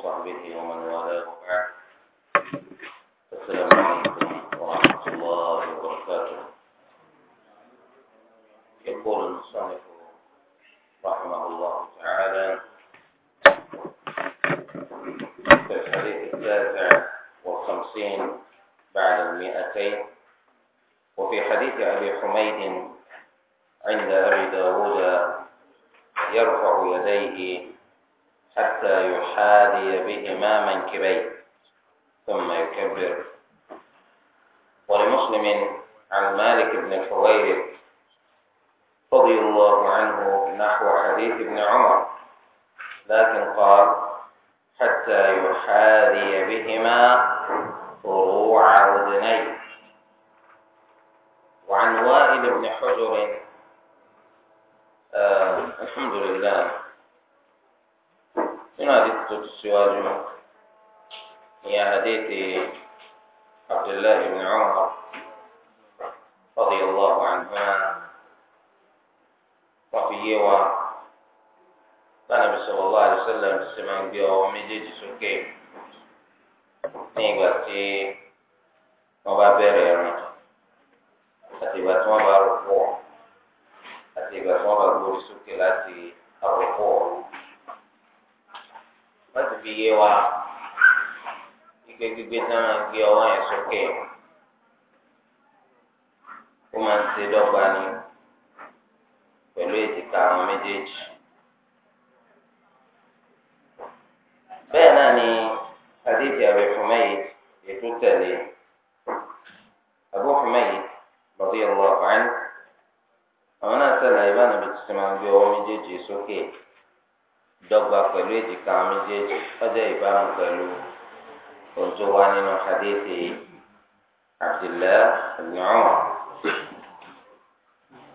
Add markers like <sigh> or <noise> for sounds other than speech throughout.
وصحبه ومن والاه وبعد ní pẹ̀lú èjìká àwọn méjèèjì. bẹ́ẹ̀ náà ni adéjì Abu Humayd ètò tẹ̀lé Abu Humayd radiyallahu anhu àwọn náà sẹ̀lá ìbánu bí tuntun máa ń gbé ọwọ́ méjèèjì sókè dọ́gba pẹ̀lú èjìká àwọn méjèèjì ọjọ́ ìbámu pẹ̀lú ohun tó wá nínú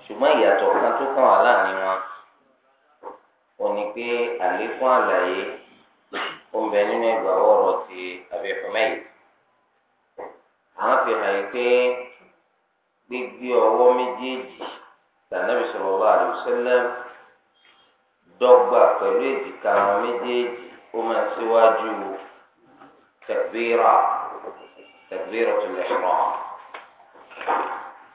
ṣùgbọ́n ìyàtọ̀ kan tó kàn wá láàrin wọn ò ní pé àlékún àlàyé ó ń bẹ nínú ìgbàwọ́ ọ̀rọ̀ ti abẹ́fọ́mẹ́yì àwọn fi hàn yìí pé gbígbé ọwọ́ méjèèjì tànàbí sallallahu alaihi wasallam dọ́gba pẹ̀lú èjìká àwọn méjèèjì ó máa ń síwájú takbira takbiratul ihram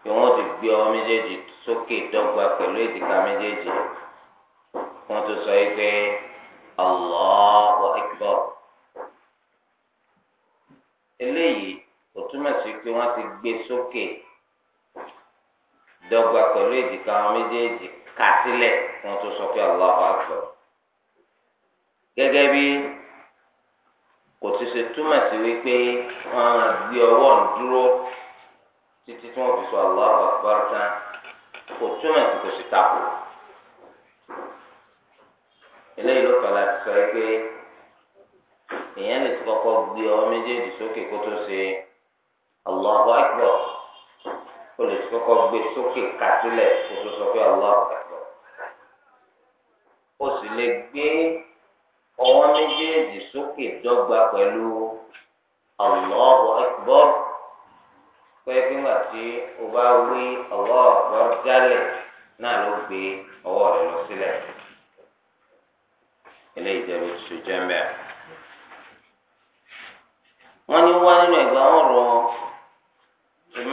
kí wọ́n ti gbé ọwọ́ méjèèjì sókè dọ́gba pẹ̀lú èjìká méjèèjì wọ́n tó sọ yìí pé Allahu Akbar eléyìí kò túmọ̀ sí pé wọ́n ti gbé sókè dọ́gba pẹ̀lú èjìká méjèèjì kà sílẹ̀ wọ́n tó sọ pé Allahu Akbar gẹ́gẹ́ bí kò ti ṣe túmọ̀ sí wípé wọ́n á gbé ọwọ́ ń dúró títí tí wọ́n fi sọ Allahu Akbar tán kò túmọ̀ sí kò sí tako eléyìí ló fẹ́ láti sọ pé èèyàn lè ti kọ́kọ́ gbé ọwọ́ méjèèjì sókè kó tó ṣe Allahu Akbar ó lè ti kọ́kọ́ gbé sókè kásílẹ̀ kó tó sọ pé Allahu Akbar ó sì lè gbé ọwọ́ méjèèjì sókè dọ́gba pẹ̀lú Allahu Akbar pé kí wọn ti o bá wí ọwọ́ ọ̀gbọ́n jálẹ̀ náà ló gbé ọwọ́ rẹ̀ lọ sílẹ̀. eléyìí jẹ́ bí tuntun jẹ́ mbẹ́. wọ́n ní wá nínú ẹ̀gbọ́n ọ̀rọ̀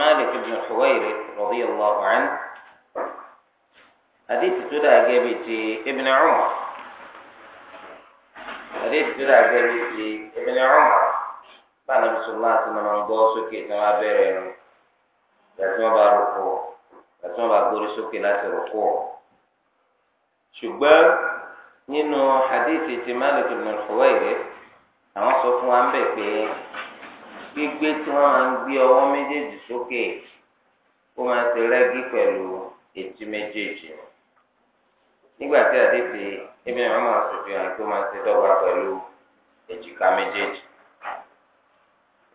Malik ibn Huwairi radiyallahu anhu. àdéhìí tó dà gẹ́gẹ́ ti Ibn Umar. àdéhìí tó dà gẹ́gẹ́ ti Ibn Umar. báyìí ní bisimilá ti nà máa gbọ́ sókè tí wọ́n á bẹ̀rẹ̀ ẹ̀rọ. gbàtí wọn bá rúkọ gbàtí bá gbórí sókè láti rúkọ ṣùgbọ́n nínú hadithi ti Malik ibn Huwayrith àwọn sọ fún wa ń bẹ̀ pé gbígbé tí wọ́n máa ń gbé ọwọ́ méjèèjì sókè ó máa ti rẹ́gí pẹ̀lú etí méjèèjì nígbà tí hadithi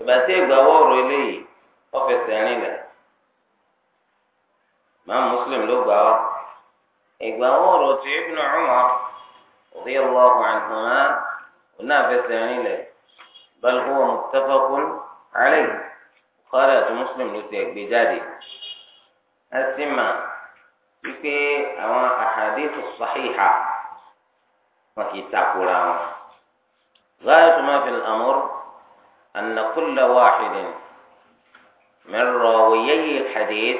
Ibn pé máa muslim ló gbà ọ ìgbà wọrọ tí ibn Umar radiyallahu anhuma ọ̀nà àfẹsẹ̀ rìn lẹ̀ bal huwa muttafaqun alayhi kọ́dà tó muslim ló ti ẹ̀gbẹ́ jáde ẹ sì mà wípé àwọn ahadith sahiha wọn kì í takora wọn. غاية ما في الأمر أن كل واحد من راويي الحديث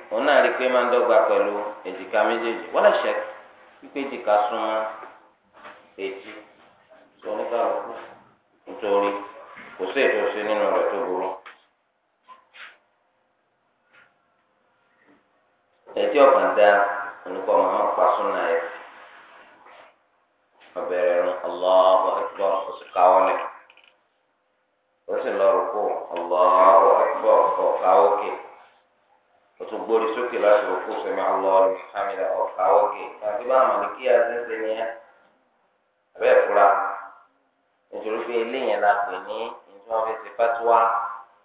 òun náà rí i pé máa ń dọ́gba pẹ̀lú èjìká méjèèjì wọ́n lè ṣe wípé èjìká súnmọ́ èjì tó oníkàlùkù nítorí kò sí ètò sí nínú rẹ̀ tó burú. ẹtí ọ̀gbọ̀n dá oníkọ́ màmá pa súnà ẹ̀ rún ó sì o tún gbórí sókè láti òkú sẹmi alọrin hamida ọkà òkè àti bá àmàlẹ kí azẹsẹ ni ẹ abẹ fura nítorí pé eléyìí la pè ní nítorí wọn fi ṣe fatuwa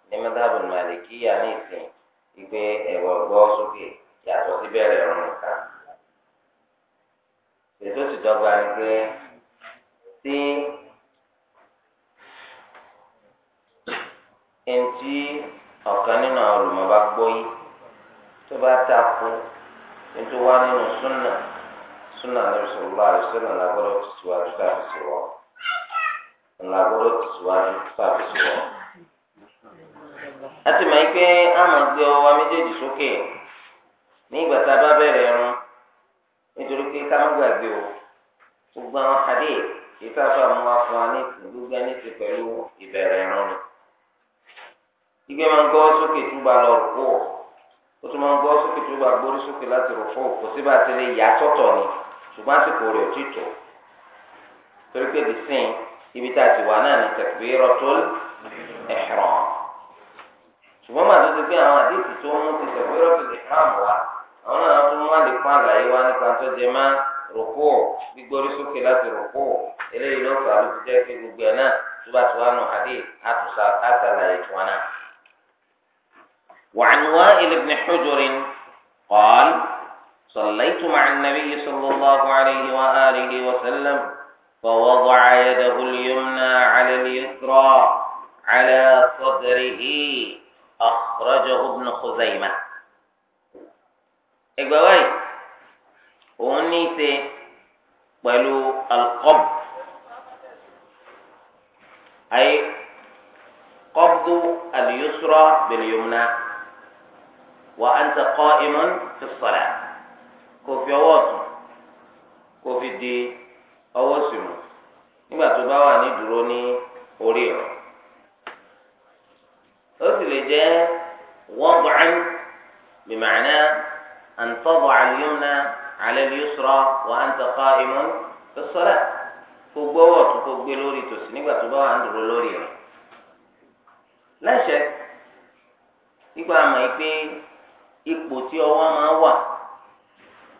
ní mẹtàbí màlìkíyà ní ìsìn ìgbé ẹwọ gbọ sókè yàtọ̀ sí bẹ̀rẹ̀ ọrùn nìkan ètò ìdọgba ni pé tí ẹntì ọ̀kan nínú àwọn olùmọ̀ bá gbóyè tó bá ta kú nítorí wá nínú súnà súnà Ànábì sallallahu alaihi wasallam làgbọ́dọ̀ ti síwájú káfí sí wọ́ làgbọ́dọ̀ ti síwájú káfí sí wọ́. láti mọ̀ pé a máa gbé ọwọ́ méjèèjì sókè ní ìgbà tá a bá bẹ̀rẹ̀ ẹ̀rùn nítorí pé ká má gbàgbé o gbogbo àwọn hadith yìí tá a fà mú wa gbogbo ẹni ti pẹ̀lú ìbẹ̀rẹ̀ ẹ̀rùn ni. ìgbẹ́ máa ń gbọ́ sókè túbà lọ rò ó tún máa ń gbọ́ sókè tó bá gbórí sókè láti rò fún òkú síbà tí lè yà sọ́tọ̀ ni ṣùgbọ́n àsìkò rẹ̀ ò tí tó torí pé bìsìn ibi tá a ti wà náà ní takbiratul ihram ṣùgbọ́n màá tó ti pé àwọn àdéhùn tó mú ti takbiratul ihram wá àwọn náà tún mú àlékún àlàyé wá nípa tó jẹ máa rògbò gbígbórí sókè láti rògbò eléyìí ló fà á ló jẹ́ pé gbogbo ẹ̀ náà. وعن وائل بن حجر قال صليت مع النبي صلى الله عليه وآله وسلم فوضع يده اليمنى على اليسرى على صدره أخرجه ابن خزيمة إجباري ونيسي بلو القبض أي قبض اليسرى باليمنى wa anta qa'imun fi salat kò fi ọwọ́ ọ̀tún kò fi di ọwọ́ sí mu nígbà tó bá wà ní dúró ní orí rẹ̀ ó sì lè jẹ́ wad'an bima'na an tad'a al-yumna 'ala al-yusra wa anta qa'imun fi salat kò gbọ́wọ́ ọ̀tún kò gbé lórí tòsí nígbà tó bá wà ní dúró lórí rẹ̀ láṣẹ nígbà àmọ́ yìí ipò tí ọwọ́ máa wà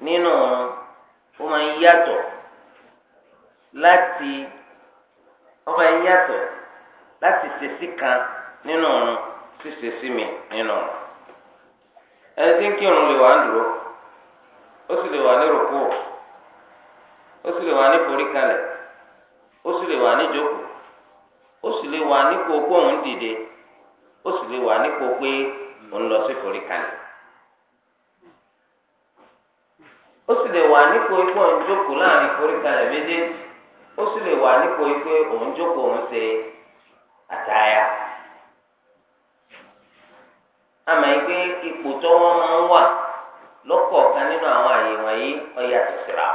nínú ọ̀run ó máa ń yàtọ̀ láti ó máa ń yàtọ̀ láti ṣèṣì kan nínú ọ̀run sí ṣèṣì mi nínú ọ̀run ẹni tí ń kírun lè wà ń dúró ó sì lè wà ní rògbò ó sì lè wà ní foríkalẹ̀ ó sì lè wà ní jókòó ó sì lè ó sì lè wà nipo ipò ìjókòó láàrin ìforíkalẹ̀ méjèèjì ó sì lè wà nípò ipò òun jókòó òun ṣe àtàyà àmọ́ yìí ipò tó wọ́n máa ń wà lọ́kọ̀ọ̀kan nínú àwọn àyè wọ̀nyí ọ̀yà tẹ̀síra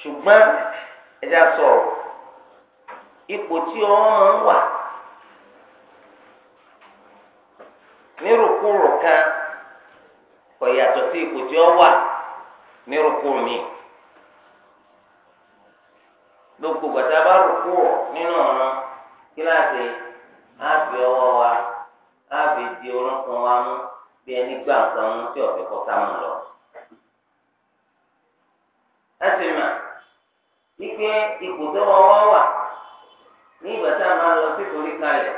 ṣùgbọ́n ẹja sọ̀rọ̀ ipò tí wọ́n máa ń kò yàtọ̀ sí ipò tí ó wà ní rúkú mi gbogbo gbàtà bá rúkú nínú ọ̀ràn kíláàsì ọwọ́ wa di orúnkún wa mú bí ẹni gbà nǹkan mú tí ọ̀fẹ́ kọ́ lọ. láti mà wípé ipò wà ní a máa lọ sí ìforíkalẹ̀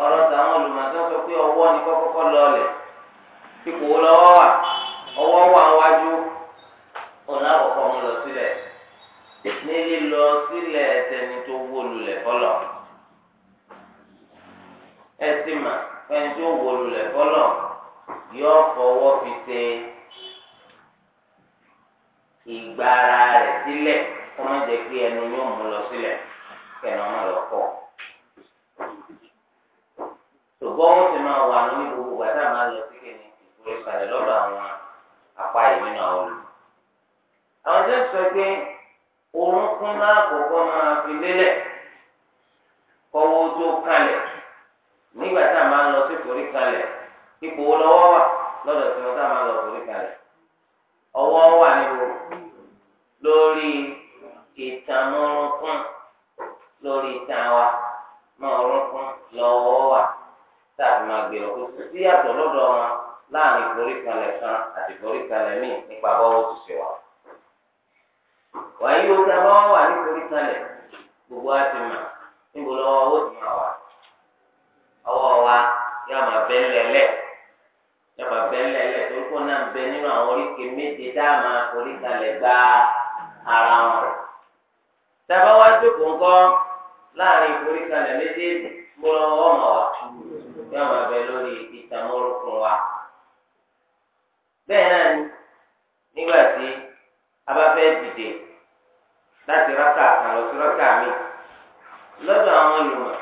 ọ̀rọ̀ táwọn olùmọ̀tò sọ pé ọwọ́ ni kọ́kọ́kọ́ lọlẹ̀ ipò lọ́wọ́ wà ọwọ́ wà wájú ọ̀nà àkọ́kọ́ ń lọ sílẹ̀ ní lílọ sílẹ̀ tó wó lulẹ̀ fọlọ̀ mà ẹni tó wó lulẹ̀ fọwọ́ fi ìgbára rẹ̀ lọ sílẹ̀ ṣùgbọ́n si ti máa wà ní gbogbo a máa lọ sí kìnnì ìfúri kalẹ̀ lọ́dọ̀ àwọn apá náà sọ pé kún máa fi lélẹ̀ a máa lọ sí ìfúri ipò lọ́wọ́ wà a máa lọ ìfúri kalẹ̀ ọwọ́ wà níbo lórí ìtàn lórí táàbì máa gbèrò kó kò sí yàtọ̀ lọ́dọ̀ wọn láàrin ìforíkalẹ̀ kan àti ìforíkalẹ̀ míì nípa bọ́wọ́ ti ṣe wà. wàyí o ta wà ní ìforíkalẹ̀ gbogbo á ti mà ọwọ́ wa yà máa bẹ́ lẹ́lẹ̀ máa bẹ́ lẹ́lẹ̀ torí kó náà bẹ nínú àwọn oríkè méje tá ara wọn. a bá wá jókòó láàrin kó lọ́wọ́ ọmọ wa yọ ọmọ abẹ lórí ìtàmọ́rùkún wa. bẹ́ẹ̀ náà ni nígbà tí a bá fẹ́ dìde láti rákà kan lọ sí rákà mi lọ́dọ̀ àwọn olùmọ̀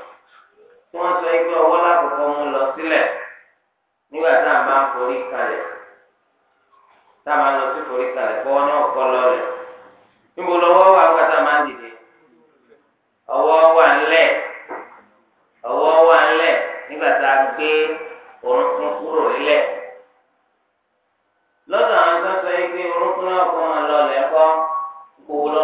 tí wọ́n sọ pé ọwọ́ lákòókò mú lọ sílẹ̀ nígbà tá à ń bá ń forí kalẹ̀ tá a máa lọ sí forí kalẹ̀ kọ́ ní ọ̀pọ̀ lọ́lẹ̀ níbo lọ́wọ́ wà nígbà tá a máa ń dìde. kí wọ́n kó wọn lọ lẹ́kọ́ gbogbo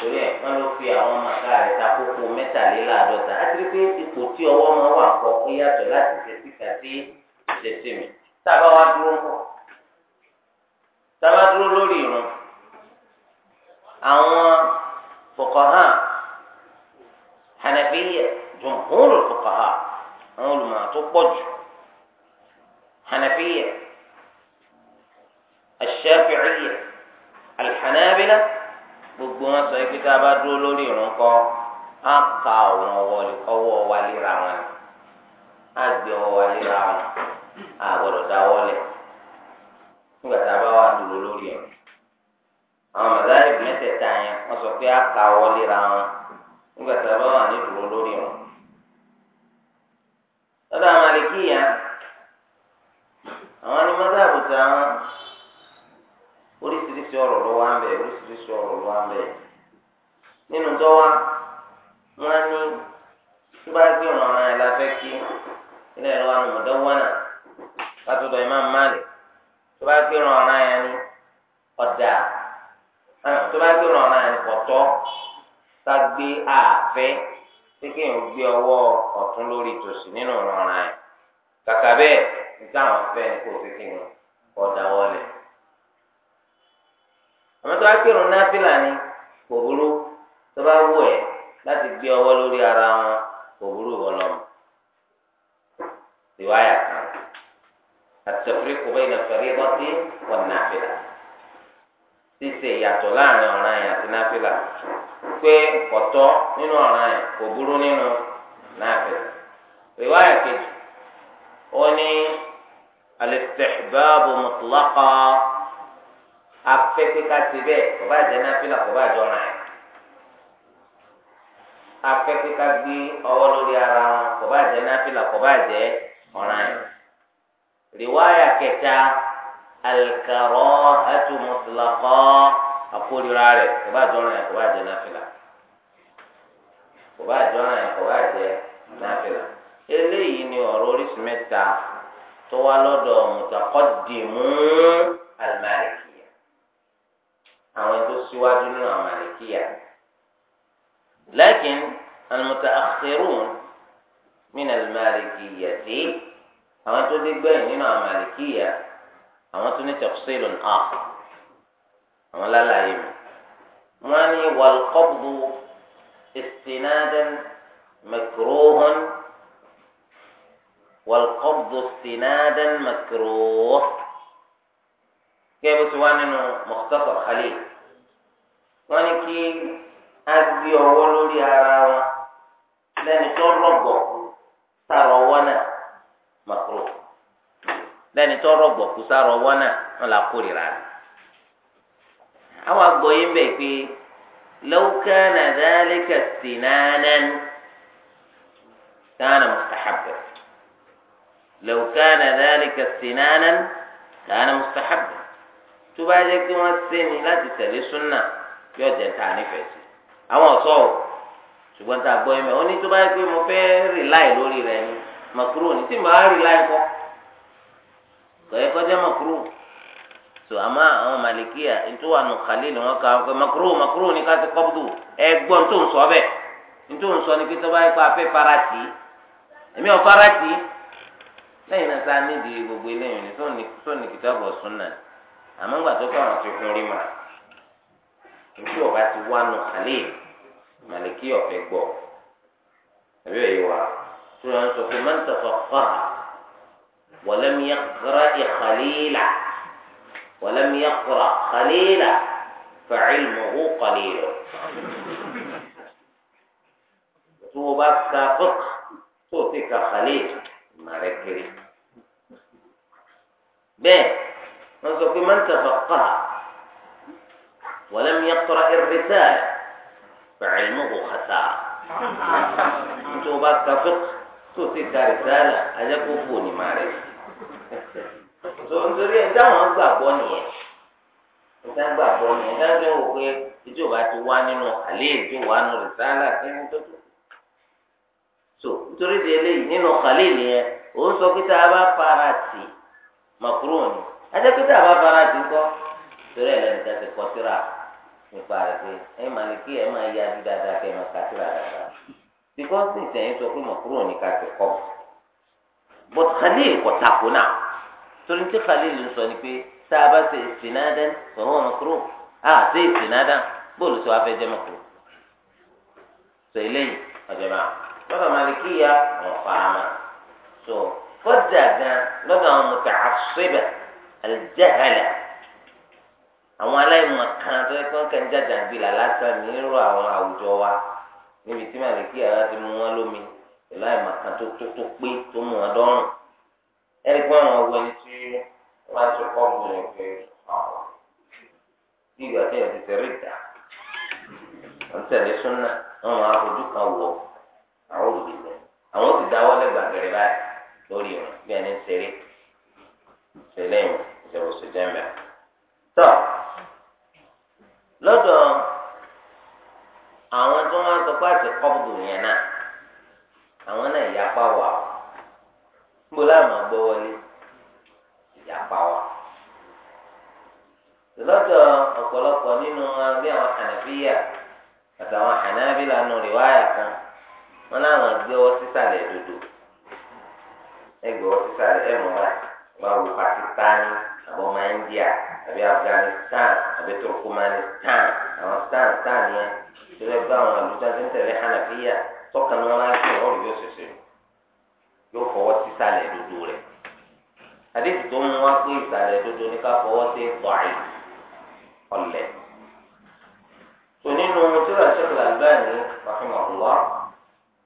torí ẹ̀ wọ́n ló fi àwọn màkà rẹ̀ ta kókó mẹ́tàléláàádọ́ta á ti rí pé ipò tí ọwọ́ máa wà kọ́ ó yàtọ̀ láti ṣe síta sí ìṣẹ̀ṣẹ̀ mi tábà wá dúró ń tábà dúró lórí ìrun àwọn fòkànhà hànàfíyà jumhurul fòkànhà àwọn olùmọ̀ tó pọ̀ jù hànàfíyà الشافعية الحنابلة gbogbo wọn sọ dúró lórí kọ á ka ọwọ́ wa léra wọn á gbé ọwọ́ wa léra wọn á dáwọ́ lẹ̀ nígbà tá a bá wà dúró lórí ìrun àwọn mọ̀láyé mẹ́tẹ̀ẹ̀ta yẹn wọ́n sọ pé á ka ọwọ́ léra wọn nígbà tá a bá oríṣiríṣi ọ̀rọ̀ ló wá ń bẹ̀ oríṣiríṣi ọ̀rọ̀ ló wá ń bẹ̀ nínú tọ́wá wọn á ní tó bá gbé ọ̀ràn ara ẹ̀ la fẹ́ kí ilé ẹ̀rọ àwọn ọ̀dọ́ wọnà látọ̀dọ̀ Imam Malik tó bá gbé ọ̀ràn ara ẹ̀ ní ọ̀dà tó bá gbé ọ̀ràn ara ẹ̀ ní pọ̀tọ́ tá gbé ààfẹ́ pé kéèyàn gbé ọwọ́ ọ̀tún lórí tòsí nínú ọ̀ràn ara ẹ̀ kàkà bẹ́ẹ̀ ní táwọn fẹ́ kó o fi kéèyàn ọ̀dà wọlé àmọ́ tó bá kírun náfìlà ni kò burú tó bá wù ẹ́ láti gbé ọwọ́ lórí ara wọn kò burú wọlọ́mù riwaya kan àtẹ̀fúríkù bẹ́ẹ̀ ní fẹ̀rí lọ́tí wọn náfìlà ṣíṣe ìyàtọ̀ láàrin ọ̀ràn yẹn àti náfìlà pé kọ̀tọ́ nínú ọ̀ràn yẹn kò burú nínú náfìlà riwaya kejì ó ní alistihbabu mutlaqa afẹ́ pé ká ti bẹ́ẹ̀ kò bá jẹ́ náfìlà kò bá jọ ràn án afẹ́ pé ká gbé ọwọ́ lórí ara wọn kò bá jẹ́ náfìlà kò bá ọ̀ràn án. rìwáyà kẹta al-karahatu mutlaqa àkórira rẹ̀ kò bá jọ ràn án kò bá jẹ́ náfìlà kò bá jọ ràn án kò bá eléyìí ni ọ̀rọ̀ orísun mẹ́ta tó wá lọ́dọ̀ mutaqaddimu al àwọn tó síwájú nínú àwọn màlìkíyà lakin al-mutaakhirun min al-malikiyyati àwọn tó dé gbẹ̀yìn nínú àwọn màlìkíyà àwọn tó ní tafsilun akhar àwọn lálàyé mi wọn ní wal-qabdu istinadan makruhun wal-qabdu istinadan makruh kẹ́ẹ́ bó ti wá nínú Mukhtasar Khalil. wọ́n ní kí á gbé ọwọ́ lórí ara wọn lẹ́ni tó rọ̀gbọ̀ sára ọwọ́ náà makro lẹ́ni tó rọ̀gbọ̀ kú sára ọwọ́ náà wọ́n là kórìíra rẹ̀. àwọn àgbọ̀ yìí ń bẹ̀ pé lọ́wọ́ká nàdálẹ́kà sí nánán kánà mustahabba lọ́wọ́ká nàdálẹ́kà sí nánán kánà mustahabba tó bá yẹ kí wọ́n sẹ́ni láti tẹ̀lé súnà yóò jẹ́ ta nífẹ̀ẹ́ sí àwọn ọ̀sọ́ o ṣùgbọ́n tá a gbọ́ ẹ̀mẹ́ ó tó bá yẹ pé mo fẹ́ rìláì lórí rẹ ni màkúrò ní tí mà á rìláì kọ́ kọ̀yẹ́ kọjá màkúrò tó àmọ́ àwọn màlìkíyà nítorí wà nù khalil wọn kà á pé màkúrò màkúrò ní ká ti kọ́bùdù ẹ gbọ́ tó ń sọ bẹ́ẹ̀ nítorí ń sọ ni pé tó bá yẹ pé a fẹ́ farati èmi ò farati lẹ́yìn náà sáà nídìí gbogbo eléyìí ni sóòní kìtàbọ̀ sunna àmọ́ ńgbà tó kọ́ àwọn tó fún rí màá. nítorí ọba ti wá nù khalil màlìkí ọ̀fẹ́ gbọ́ àbí ẹ̀yẹ wa nu ale wọ́n sọ ero yii ń n kọ́ra wọ́lẹ́mi yẹ kọ́ra wole mi wọ́lẹ́mi yẹ kọ́ra kàlílà fàcíl mọ̀hú kàlílò. kalilo tó o bá ka fọ́k tó ti ka khalil màrẹ́ kiri. bẹ́ẹ̀ wọ́n sọ pé máa ń tọ̀fọ̀ kọ́ra. ولم يقرأ الرسالة فعلمه خسارة tó bá ka fún tó ti ka rìsáàlà ajẹ́kọ̀ọ́ fún onímọ̀ rẹ̀ tó nítorí ẹ̀ dáhùn gbàgbọ́ nìyẹn ìta gbàgbọ́ nìyẹn dáhùn wò pé ìjọba ti wá nínú àlẹ́ ìjọba nù rìsáàlà kí ni tó tó so nítorí di eléyìí nínú kàlẹ́ nìyẹn ó ń sọ a fara nípa rẹ̀ pé ẹ máa lè kí ẹ máa yá ju dáadáa kẹ ẹ máa kàtí rà dáadáa bíkọ́sì ìtẹ̀yìn sọ pé mọ̀kúrò ní ká ti kọ́ but Khalil kò tako náà torí tí Khalil ń sọ ni pé tá a bá ṣe ìsìnádán òun mọ̀kúrò a ṣe ìsìnádán bóòlù sọ afẹ́ mọ̀kúrò sọ eléyìí ọ̀jọ̀ lọ́dọ̀ máa lè kí ya wọn fara mọ́ so kọ́jà gan lọ́dọ̀ àwọn muta'assiba al àwọn aláìmọ̀ kan tó yẹ kí wọ́n kẹ́ ń jàjà ń bila lásán ní irú àwọn àwùjọ wa níbi tí màlìkí àrà ti mú wọn lómi pẹ̀lú àìmọ̀ kan tó tó tó pé tó mú wọn dọ́rùn ẹni pé àwọn ọgbẹ́ ni tí ti kọ́ mu pé ìgbà tí rí súnà lọ́dọ̀ àwọn tó máa ń sọ pé àti kọ́bùdù yẹn náà àwọn náà ìyapa wà ó níbo gbọ́ wọlé ìyapa wà lọ́dọ̀ ọ̀pọ̀lọpọ̀ nínú bí àwọn àtàwọn nù rìwáyà kan wọn láwọn gbé ọwọ́ sísàlẹ̀ dodo ẹgbẹ́ أبو ماندية أبي أفغانستان أبي تركمانستان أمستان ثانية سبب ده أنا بجد أنت اللي حنا فيها سكر ما أنا في أول يوسف سين يو فوات سالة دودورة هذه بدون ما في سالة دودورة كفوات ضعيف قلة سنين ومتلا شيخ الألباني رحمه الله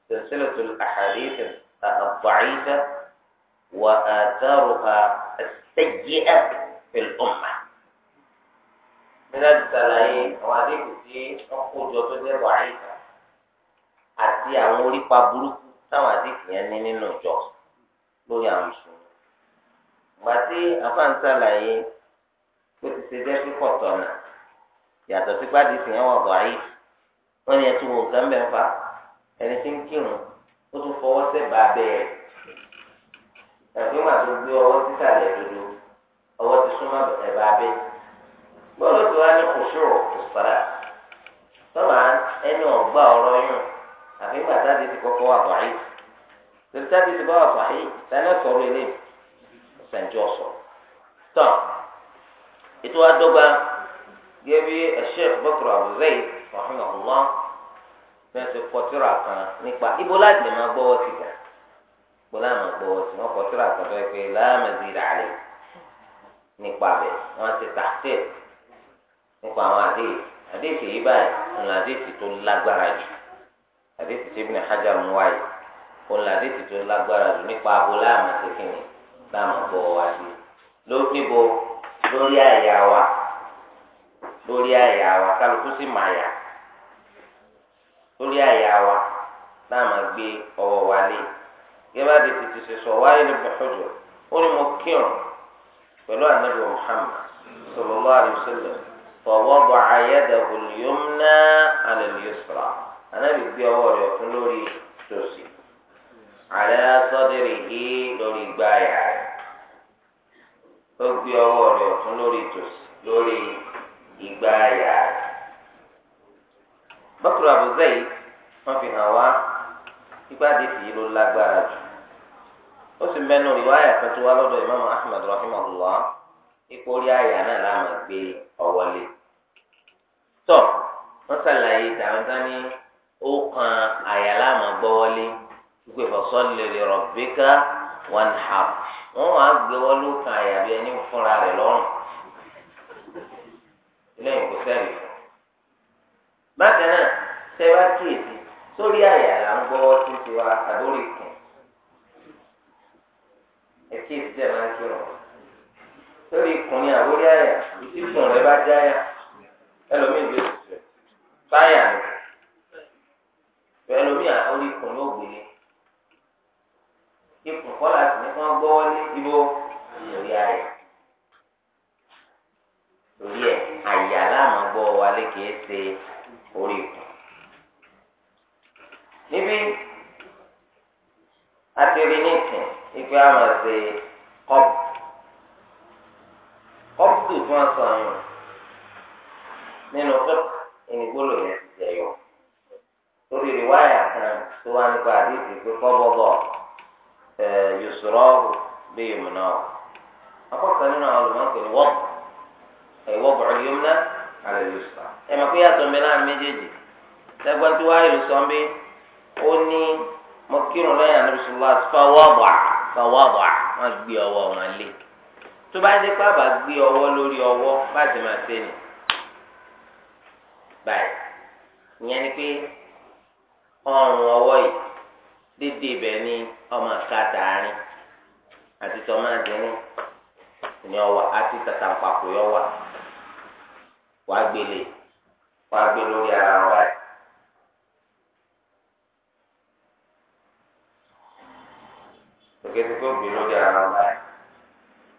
سلسلة الأحاديث الضعيفة وآثارها sẹ́yìíẹ́ pẹ̀lú ọ̀mà. mílíọ̀nù sàlàyé àwọn àdéhùn tí wọ́n kó jọ tó jẹ́ wàhálà àti àwọn orípa burúkú táwọn àdéhùn yẹn ní nínú ìjọ lórí àwọn mùsùlùmí. ìgbà tí àfáàn sàlàyé tó ti ṣe jẹ́ kíkọ̀ tọ̀nà yàtọ̀ sí pàdé sì yẹn wà wọ́n ní ẹtú wọn kàn fa ẹni tí ń kírun ó tún fọwọ́ sẹ́bàá bẹ́ẹ̀ ẹ̀fín wà tó gbé ọwọ́ sísàlẹ̀ lórí ọwọ́ ti súnmọ́ ẹ̀bà abẹ́ gbọ́dọ̀ tó wá ní kòṣòro tó sara tọ́lá ẹni ọ̀gbà ọ̀rọ̀ yùn àfi ń gbàtà ti ti kọ́kọ́ wà bọ̀ ayé tẹ̀síta ti ti bá wà bọ̀ ayé tani ọ̀sọ̀rọ̀ ilé ọ̀sẹ̀njẹ́ ọ̀sọ̀ tọ́ ètò àdọ́gba gẹ́bí Sheikh Bakr Abu Zayd rahimahullah bẹ́ẹ̀ ti kọ́ tírà kan nípa ibo láti máa gbọ́wọ́ sí ga gbọ́dọ̀ máa gbọ́wọ́ sí wọn kọ́ tírà kan tó yẹ pé láàmì nípa rẹ̀ wọ́n ti tàṣẹ̀ nípa àwọn àdéhì yìí báyìí tó lágbára jù tí Ibn Hajar mú wáyé ọ̀nà àdéhì tó lágbára jù nípa abo láàmú láàmú bọ̀ wá sí ló lórí àyà wa lórí àyà wa kálukú sí yà lórí àyà wa gbé wálé bá pẹ̀lú anabi muhammad sallallahu alayhi wa sallam fọwọ́bọ̀ ayédèbò yomna alẹ́lẹ́sọ̀rọ̀ anabi gbé ọwọ́ rẹ̀ fún lórí tòsí alẹ́ sọ́dẹ̀rẹ̀ yìí lórí gbáyà rẹ̀ ó gbé ọwọ́ rẹ̀ fún lórí tòsí lórí ìgbáyà rẹ̀ bákùrọ̀ àbúzẹ́ yìí fi hàn wá ipá ó sì mẹ́nu riwaya kan tó wá lọ́dọ̀ imaamu ahmed rahimahullah ipò orí àyà náà láàmú gbé ọwọ́ lé tọ́ wọ́n ṣàlàyé dáadáa ní ó kan àyà láàmú gbọ́wọ́lé wípé fasalli li rabbika wanhar wọ́n wàá gbéwọ́ ló kan àyà bí ẹni fúnra rẹ̀ lọ́rùn lẹ́yìn kò sẹ́rì bákan náà sẹ́wá kíyèsí sórí àyà là ń gbọ́wọ́ tó ti àdórí kù ẹkí ìdílé máa ń kírun lórí ìkùnrin àwórí àyà ìdíkùn rẹ bá jáyà ẹlòmíì lè sùn báyà ni ẹlòmíì àwórí ìkùn ló gbélé ìkùn kọ́ láti ní kí wọ́n gbọ́wọ́ ní ibo lórí àyà lórí ẹ̀ àyà láàmú gbọ́ wálé kìí ṣe orí ìkùn níbi àti rí ní ìkùn. ipe àwọn ṣe kọ́p kọ́pùtù tí wọ́n sọ yẹn nínú fẹ́k ìnigbólò yẹn ti jẹyọ torí ìwáyà kan tó wá nípa àdéhùn pé kọ́bọ́bọ́ yusrọ́ọ̀bù bí yòmùnà ọ̀ akọ́kọ́ nínú àwọn olùmọ̀ọ́kè ni wọ́pù ẹ̀wọ́pù ọ̀lẹ́yọmùnà alẹ́ yusra ẹ̀ mọ̀ pé yàtọ̀ mi méjèèjì tí wáyà ó fọwọ́bọ̀ wọn gbé ọwọ́ wọn lé tó bá dé gbé ọwọ́ lórí ọwọ́ bá ti máa ṣe nì báyìí ìyẹn ni pé ọrùn ọwọ́ yìí dédé ọmọ ká àti kéde pé obìnrin lórí ara wọn báyìí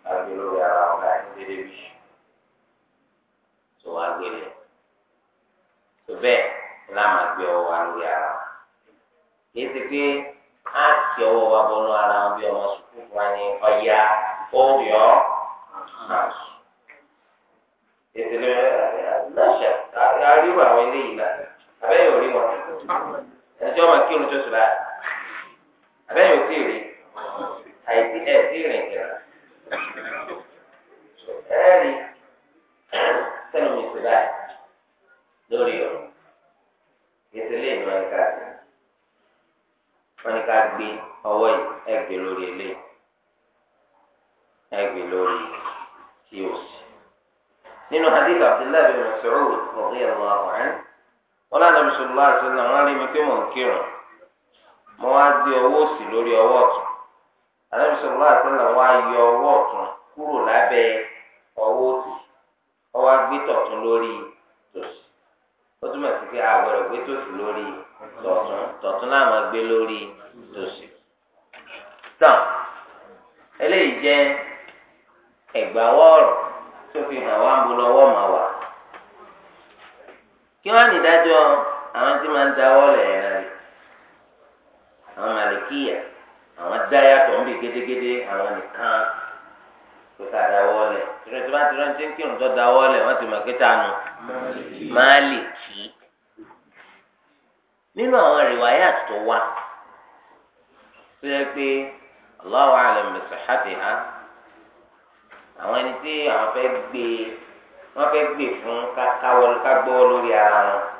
àgbè lórí ara wọn báyìí dédé bì tó wá gbélé tó bẹ́ẹ̀ ńlá máa gbé ọwọ́ wa lórí ara wọn kìí ṣe pé á ti ọwọ́ wa bọ́nú ara wọn bí ọmọ sùkúù fún wa ní ọ̀yà ọ̀yọ́ àṣù ètò lọ́sẹ̀ àríwá àwọn eléyìí náà abẹ́yẹ̀ orí wọn ẹjọ́ máa kírun tó abẹ́yẹ̀ ò tí àìsí ẹ̀ sí rìn jìnnà. ẹ̀rí sẹ́nu mi sì báyìí lórí ọ̀rọ̀ ìṣẹ̀lẹ̀ ìlú ẹ̀ka sí wọ́n ní ká gbé ọwọ́ ẹgbẹ́ lórí ilé ẹgbẹ́ lórí tí o sì. nínú hadith abdullahi bin Mas'ud radiyallahu anhu wọn náà nàbí sallallahu alaihi wasallam wọn rí mi pé mò ń kírun mo wá gbé ọwọ́ sí lórí ọwọ́ ọ̀tún. anabi sọlá na wọn ayọ ọwọ́ ọ̀tún kúrò lábẹ́ ọwọ́ òsì ọwọ́ lórí ó túmọ̀ sí pé lórí tọ̀tún tọ̀tún náà máa lórí tán eléyìí jẹ́ ẹ̀gbà wọ́ọ̀rọ̀ tó fi hàn wá ń bu lọ́wọ́ wà. kí wọ́n àwọn dáyàtọ̀ ń bì gédégédé àwọn nìkan tó ká dáwọ́ lẹ̀ tìrẹ̀tì bá ti rántí kí òun tó dáwọ́ lẹ̀ wọ́n ti mọ̀ pé tánu Málìkì nínú àwọn rìwáyà tó wá tó yẹ pé Allahu a'lam bi sihhatiha àwọn ẹni tí àwọn fẹ́ gbé wọ́n fẹ́ gbé fún káwọ́ kágbọ́ lórí ara wọn.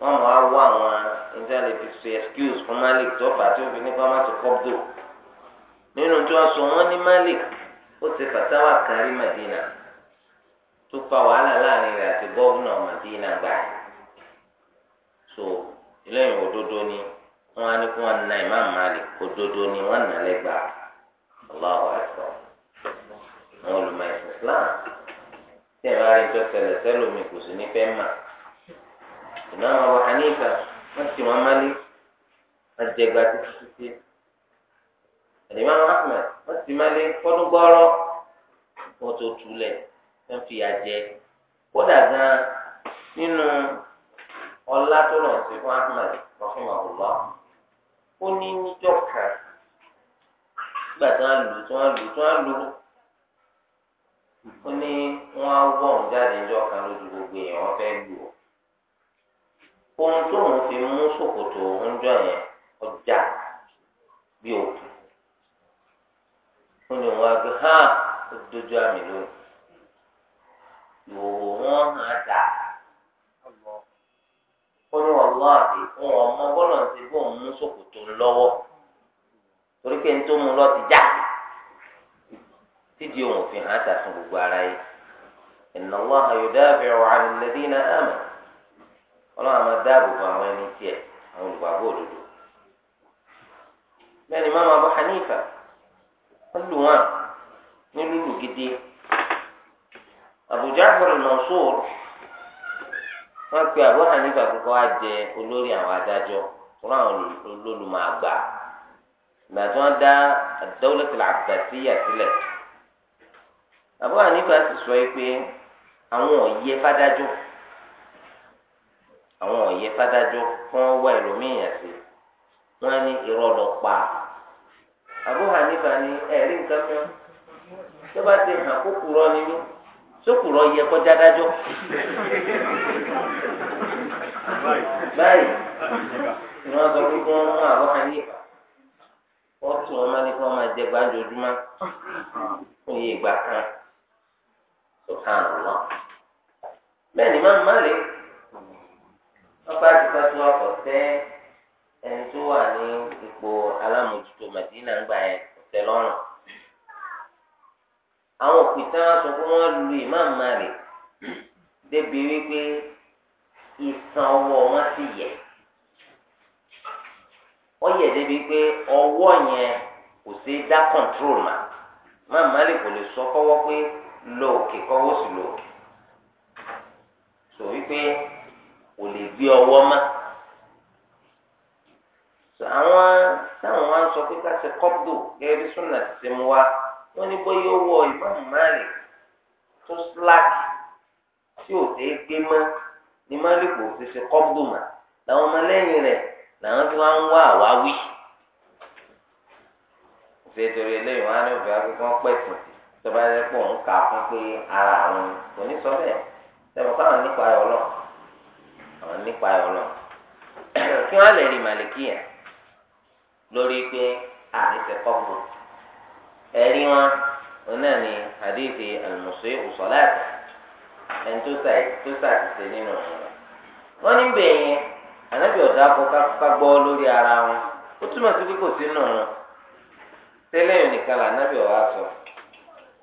wọn mọ awọ àwọn ìdálẹbi ṣe excuse fún malik tó fà tí nípa má ti kọbdò nínú tí wọn sọ wọn ní malik ó ti fàtàwà kárí madina tó fa wàhálà láàrin rẹ̀ àti gọvnọ madina gbà so lẹ́yìn òdodo ni wọn á ní kí wọn na imam malik òdodo ni wọn nà lẹgbàá Allahu akbar wọn olùmọ̀ ẹsẹ islam tí ẹ bá rí tó kò ìmáàmù Abu Hanifa wọ́n ti wọ́n mọ́lé wọ́n jẹ gba títí títí ìmáàmù Ahmad wọ́n ti mọ́lé fọ́dún gbọ́rọ́ wọ́n tó túlẹ̀ wọ́n fi yà kódà gan nínú ọlá tó lọ sí fún Ahmad rahimahullah ó ní kan nígbà tí lù tí lù tí lù ó ní á jáde kan lójú gbogbo èèyàn lù ohun tó ń fi mú ṣòkòtò òun jọ yẹn ọjà bí òkú ó ní wọn á gbé hàn ó dojú àmì lónìí ìwòwò wọn hàn dà ó ní wọn lọ àti fún wọn ti mú ṣòkòtò lọwọ torí pé n tó mú lọ ti já tíjì òun fi ọlọ́run àmọ́ dáàbò bo àwọn ẹni tiẹ̀ àwọn olùgbàgbọ́ òdodo bẹ́ẹ̀ ni mama Abu Hanifa ó lù wọ́n ní lùlù gidi Abu Ja'far al-Mansur wọ́n pe Abu Hanifa kókó wá jẹ olórí àwọn adájọ́ fún àwọn olólùmọ̀ àgbà ìgbà tí wọ́n dá ad-Dawlatul sílẹ̀ Abu Hanifa sì sọ pé àwọn ò yẹ fádájọ́ àwọn òye fádájọ fún ọwọ́ ẹlòmíyàn sí wọn ní irọ́ pa Abu Hanifa ní ẹ̀rí nǹkan fún tó bá ti hàn kókòrò nínú sókòrò yẹ kọjá báyìí ni wọn sọ lọ́pàá ti ká tó ọkọ̀ tẹ́ ẹni tó wà ní ipò alámòjútó Màdínà ńgbà yẹn ọ̀tẹ̀ lọ́rùn. àwọn òpìtá sọ pé wọ́n lu ìmáàmù rẹ̀ débi wípé ìsan ọwọ́ wọn sì yẹ̀ wọ́n yẹ̀ débi pé ọwọ́ yẹn kò sí dá kọ̀ǹtrol mà máa má lè kò lè sọ kọ́wọ́ pé lọ òkè kọ́wọ́ sì lọ òkè sọ wípé kò lè gbé ọwọ́ mọ́ àwọn táwọn wá ń sọ pé káṣe kọ́pdò gẹ́gẹ́ bí súnà ti ṣe mú wa wọ́n ní bóyá ó wọ ìmáàmù Malik tó síláàkì tí ò tẹ́ gbé mọ́ ni Malik kò fi ṣe kọ́pdò mà làwọn ọmọlẹ́yìn rẹ̀ làwọn tí wọ́n ń wá àwáwí. òfin torí eléyìí wọn á ní òfin akẹ́kọ̀ọ́ pẹ̀sìn tó bá yẹ kó òun kà á fún pé ara àwọn kò ní sọ bẹ́ẹ̀ tẹ̀wọ́n káwọn nípa ẹ̀ ọlọ́run àwọn nípa ọ̀rọ̀ <clears throat> kí wọ́n lè rí màlìkíyà lórí pé àrísẹ̀ kọ́bù ẹ̀rí wọn onáà ní hadithi al-musii usolati ẹni tó sà tó sà tètè nínú ọ̀rọ̀ wọ́n ní bẹ́ẹ̀ yẹn ànábì ọ̀dà kọ́ ká gbọ́ lórí ara wọn ó túmọ̀ sí pé kò sínú ọ̀rọ̀ tẹ́lẹ̀ yìí nìkan là ànábì ọ̀dà sọ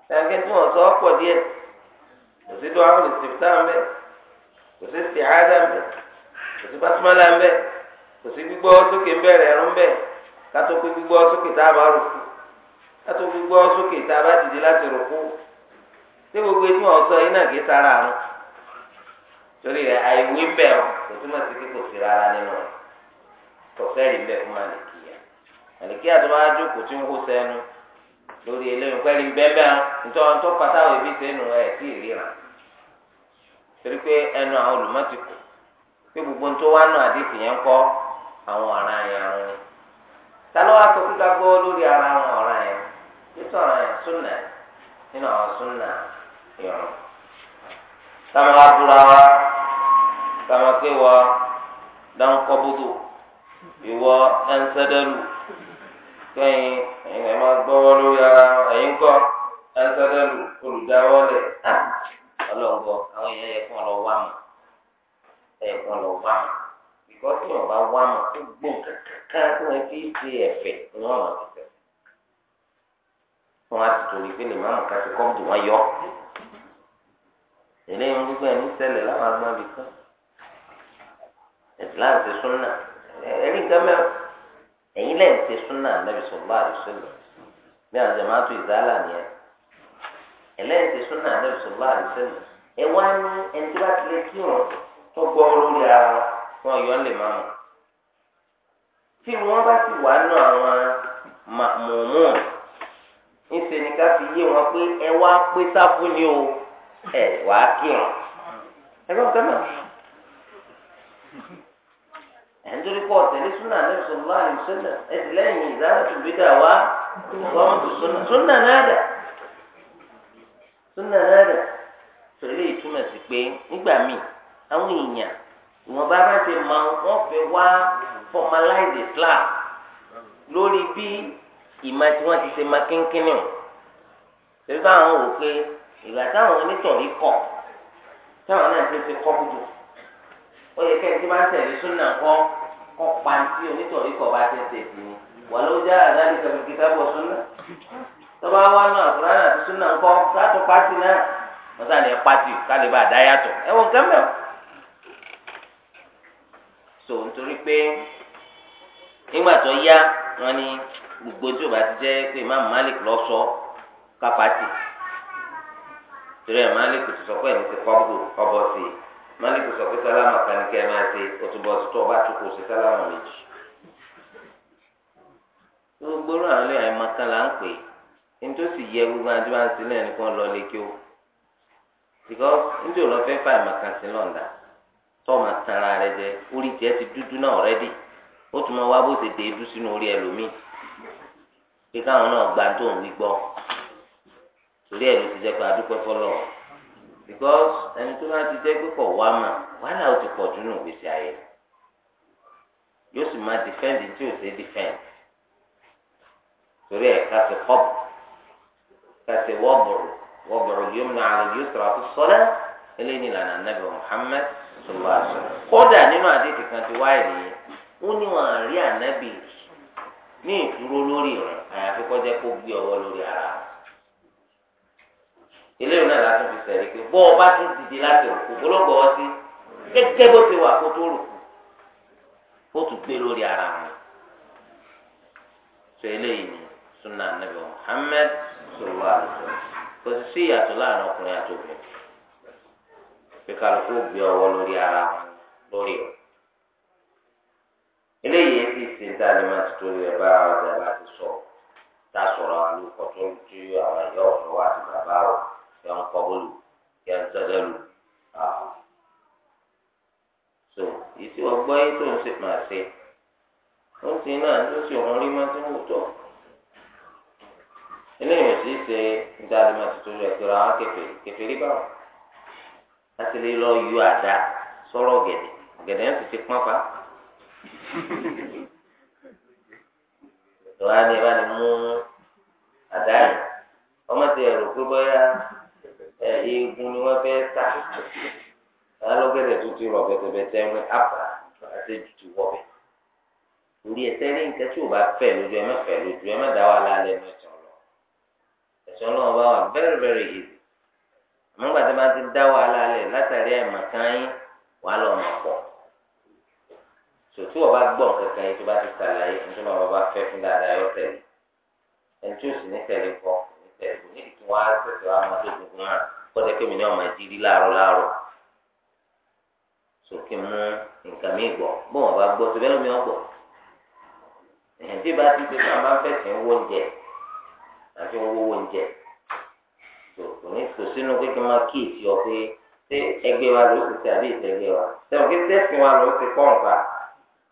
ṣàǹkẹ́ tí wọ́n sọ ọ́ pọ̀ díẹ̀ kò sí dùn àwọn ìsìnkú táwọn bẹ́ẹ̀. kò sí isti'aza ń kò sí basmala ń kò sí gbígbọ́ sókè ń bẹ̀rẹ̀ ẹ̀rọ kátó pé gbígbọ́ sókè tá a bá rò kátó gbígbọ́ sókè tá a bá dìde láti rò kú gbogbo etí wọn sọ iná kì í sára àrùn torí rẹ àìwé ń ọ kò túmọ̀ sí kò sí rárá nínú fún tó bá torí pé ẹnu àwọn olùmọ̀tìkù pé gbogbo ń tó wá nù àdéhùn yẹn kọ́ àwọn ọ̀ràn yẹn àwọn ni ta wá sọ lórí ara àwọn ọ̀ràn yẹn títí ọ̀ràn yẹn súnà nínú àwọn súnà ìrùn táwọn táwọn pé wọ ìwọ ẹnsẹ́dẹ́lù kẹ́yìn ẹ̀yìn ẹ̀ ara kan tí wọ́n fi ṣe ẹ̀fẹ̀ ni wọ́n máa fi fẹ́. wọ́n á ti torí pé lè máa mú ká ti kọ́ọ̀bù wọn yọ. eléyìí ń gbígbẹ́ ní ṣẹlẹ̀ láwọn agbọ́n bíi kan. ìsìláàmù ti súnà ẹ̀rí nǹkan mẹ́rin ẹ̀yin lẹ́yìn ti súnà nàbì sọ̀rọ̀ àdìsọ́lẹ̀ bí àjọmọ́ àti ìzálà nìyẹn ẹlẹ́yìn ti súnà nàbì sọ̀rọ̀ àdìsọ́lẹ̀ ẹ wá ẹni tí wàá tilẹ̀ kí wọn tó gbọ́ lórí ara wọn yọ ọ́ lè máa mọ̀ tí wọ́n bá ti wà nù àwọn mọ̀mọ́ ńṣe ni ká fi yé wọn pé ẹ wá pé sáfù ni o ẹ wá kírun ẹ bá nǹkan náà ẹ̀ ń torí pọ̀ tẹ̀lé súnà àdébí sọ̀rọ̀ àlè sọ̀nà ẹ sì lẹ́yìn ìdáná tó gbé dà wá sọ̀rọ̀ tó sọ̀nà sọ̀nà náà dà sọ̀nà náà dà tẹ̀lé ìtumọ̀ sí pé nígbà míì àwọn èèyàn ìwọ̀nba bá ti mọ wọn fẹ́ wá formalize Islam lórí bí ìmọ̀ tí wọ́n ti ṣe máa kínkínní o ṣèlú báwọn wò pé ìgbà táwọn onítọ̀rí kọ̀ táwọn náà ti ṣe kọ́ gbùdù ó yẹ kẹ́ni tí wọ́n tẹ̀lé súnà kọ́ kọ́ pàǹtí onítọ̀rí kọ̀ bá tẹ̀ tẹ̀ sí ni wà ló já àdáni kẹfì kìtàbù súnà tọ́ba wa náà àkùrá náà ti súnà kọ́ sátó pàtì náà wọ́n sá ni ẹ pàtì kálíbà àdáyàtọ̀ ẹ̀wọ̀n kẹ́mẹ́ọ̀ so nítorí pé. nígbà tó yá wọn ni gbogbo tí o bá ti pé Imam Malik lọ sọ kápátì Malik ti sọ pé ẹni ti Malik sọ pé sálámà kanikẹ́ máa ṣe o tún bọ́ sí tó o bá sálámà méjì gbogbo rẹ àwọn ẹlẹ́yà ìmọ̀kan là ń pè nítòsí yẹ gbogbo máa ń nìkan lọ o because nítorí wọn fẹ́ fà ìmọ̀kan sí lọ́ndà tó ọmọ tara rẹ jẹ orí ti dúdú náà ó tún máa wá bó ṣe dé dú sínú orí ẹlòmíì pé káwọn náà gba tó ń wí gbọ́ torí ẹ̀ ló ti jẹ́ pé adúpẹ́ fọlọ́ because ẹni tó bá ti jẹ́ pé kọ̀ wá mà wàhálà ó ti pọ̀ jù nù gbèsè ayé yóò sì máa dìfẹ́ǹdì tí ò ṣe dìfẹ́ǹdì torí ẹ̀ ká ṣe kọ́bù ká ṣe wọ́bùrù wọ́bùrù yóò mú àlọ́ yóò sọ̀rọ̀ àti sọ́lẹ̀ eléyìí ni lànà nàbẹ̀ Muhammad sọlá sọlá kódà nínú àdéhùn kan ti wáyé nìyẹn wọ́n ní wọ́n àrí ànábì ní ìdúró lórí rẹ̀ àyàfi kọjá kó gbé ọwọ́ lórí ara rẹ̀ eléyìí náà láti fi sẹ̀rí pé bọ́ ọba tún dìde láti òkú gbọ́lọ́gbọ́ ọ sí gẹ́gẹ́ bó ti wà kó tó rò kú ó gbé lórí ara rẹ̀ sọ eléyìí ni sunna anabi Muhammad sọlá àlùfẹ kò sì sí ìyàtọ̀ láàrin ọkùnrin àti obìnrin pé kálukú gbé ọwọ́ lórí ara lórí rẹ̀ eléyìí ti ṣe ń dáadé máa ti torí ẹ bára wa dáa láti sọ tá a sọ̀rọ̀ àwọn olùkọ́ tó ń tú àwọn ìyá ọ̀dọ́ wa àti bàbá wa kí wọ́n kọ́ bọ́ọ̀lù kí wọ́n tẹ́lẹ̀ lù àwọn. Ah. so èyí tí wọ́n gbọ́ yín tó ń ṣe máa ṣe ó ti náà ló sì wọ́n rí máa ti wò tọ́. eléyìí ti ṣe ń dáadé máa ti torí ẹ pẹ̀lú àwọn kẹfẹ́rí kẹfẹ́rí báwọn. láti lè lọ yọ àdá sọ̀rọ̀ gẹ̀dẹ̀ gẹ̀dẹ̀ yẹn ti ti pọ́n pa. tọ́wá ni ẹ bá mú àdáyé ọmọ ti ẹ̀rọ pé bóyá eegun ni wọ́n fẹ́ sá alọ́gẹ́dẹ̀ tó ti rọ̀ bẹ̀tẹ̀bẹ̀tẹ̀ ẹ̀mí àpà àti tutù wọ̀bẹ̀ torí nǹkan tí ò bá lójú ẹ má lójú ẹ má dá wà ẹnu bá wà very very easy àmọ́ ti dá tòtí wọn bá gbọ́ nǹkan kan yìí tó bá ti sàlàyé fún tó máa bá bá fẹ́ fún dáadáa yọ tẹ̀lé ẹni tí ó sì ní tẹ̀lé kọ́ ní tẹ̀lé kò ní ìtumọ̀ á tẹ̀sẹ̀ wá máa tó gbogbo náà kọ́tẹ́ kémi náà máa jí rí láàárọ̀ láàárọ̀ sókè mú nǹkan mi gbọ́ bó wọn bá gbọ́ tó bẹ́ẹ̀ lómi ọ̀gbọ̀ ẹ̀hìn tí bá ti tẹ̀sán máa ń fẹ̀sẹ̀ ń wó oúnjẹ àti ń wó oúnjẹ kò ní kò sínú pé kí n máa kíyèsí ọ pé ẹgbẹ́ wa ló ti tẹ̀ àbí ìtẹ̀gbẹ́ wa tẹ̀wọ́n kí tẹ̀sìn wa ló ti pọ̀ nǹkan.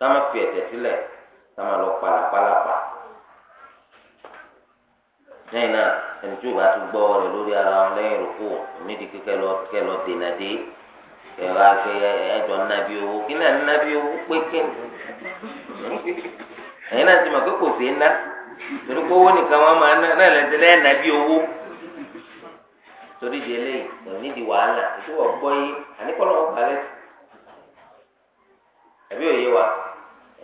sáma fi ẹ̀tẹ̀ sílẹ̀ sáma lọ palapalapa lẹ́yìn náà ẹni tí o bá tún gbọ́ rẹ̀ lórí ara wọn lẹ́yìn rògbò onídìí kíkẹ́ lọ kíkẹ́ lọ dènà dé ẹ̀rọ àgbẹ̀ ẹ̀jọ̀ nàbí owó kí náà nàbí owó pékè ẹ̀yin náà ti mọ̀ pé kò sí ná torí pé owó nìkan wọn máa ná náà lẹ́sẹ̀ lẹ́yìn nàbí owó torí di kò nídìí wàhálà ìṣòwò gbọ́ yìí àníkọ́ lọ́wọ́ balẹ̀ àbí òye wa.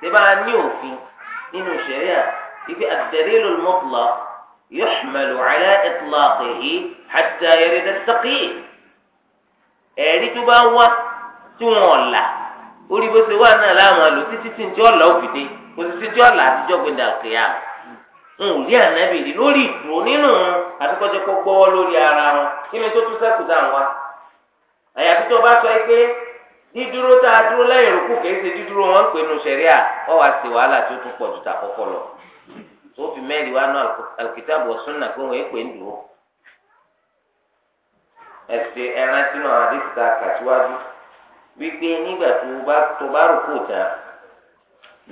tẹ́bá ní òfin nínú ṣẹ̀ríà ibi ad-dalil al-mutlaq yuhmalu ala itlaqihi hatta yarid as-saqim ẹ̀rí tó bá wá tí wọ́n là orí bó ṣe wà náà láwọn àlò títí tí ń tí ọ̀là òfìdé kò sì sí tí ọ̀là àtijọ́ gbẹ̀dà kìá n ò rí ànábì rí lórí ìdúró nínú àtikọ́jọ́ kọ́ gbọ́wọ́ lórí ara wọn kí ni tó tún sẹ́kù dáhùn wa àyàfi tó bá sọ dídúró tá a dúró lẹ́yìn rúkú kìí ṣe dídúró wọn ń pè nu sẹ̀ríà ọ wá sí wàhálà tó tún pọ̀ ju tàkọ́kọ́ lọ tó fi mẹ́rin wá náà alùkìtàbù ọ̀sùnà pé wọ́n èpè ń dúró ẹ̀sìn ẹran sínú àwọn àdìsíta kàtíwájú wípé nígbà tó bá tán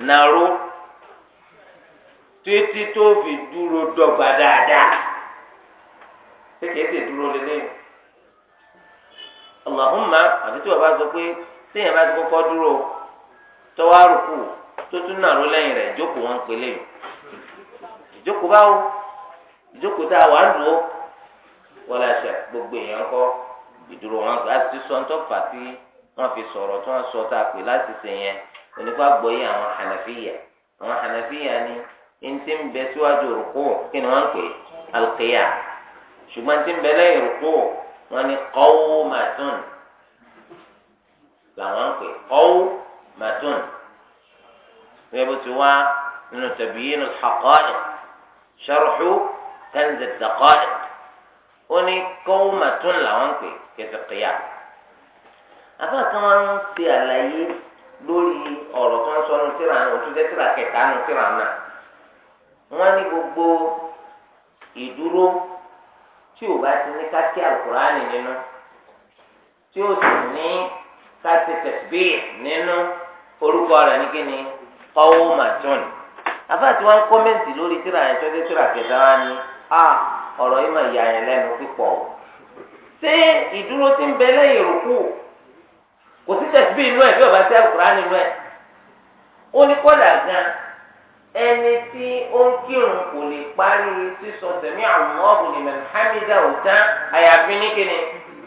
nàró títí tó fi ma àbí tí bàbá sọ pé téèyàn bá ti kọ́kọ́ dúró tọ́wárùkù tó tún nàró lẹ́yìn rẹ̀ ìjókòó wọn pélé ìjókòó báwo ìjókòó tá a wà ń dúró gbogbo èèyàn ìdúró wọn láti sọ fi tí sọ tá a pè sè yẹn onípa àwọn hànàfíyà ni ntí ń bẹ síwájú kí ni ntí ń bẹ wọn ni kọ́wó màtún làwọn ń pè kọ́wó màtún wọ́n bó ti wá nínú tabiyyinu al-haqa'iq sharhu kanz ad-daqa'iq wọ́n ni kọ́wó màtún làwọn ń pè kẹsì kìyà afa kan wọn ń àlàyé lórí ọ̀rọ̀ tó ń sọ nù tíra òtún tẹ́ kẹta nù tíra náà wọ́n ní gbogbo ìdúró. tí o bá ti ní ká kí alukurani nínú tí o sì ní ká ti nínú orúkọ rẹ̀ ní kíni kọ́wó màtún. àbá tí wọ́n lórí tíra yẹn tọ́jú tíra wá ní a ọ̀rọ̀ yìí mà yẹn lẹ́nu pípọ̀ o. ṣé ti ń bẹ lẹ́yìn kò sí inú bí o bá ti ẹni tí ó ń kírun kò lè parí sísọ tẹ̀mí Allahu liman hamidahu tán àyàfi níkíni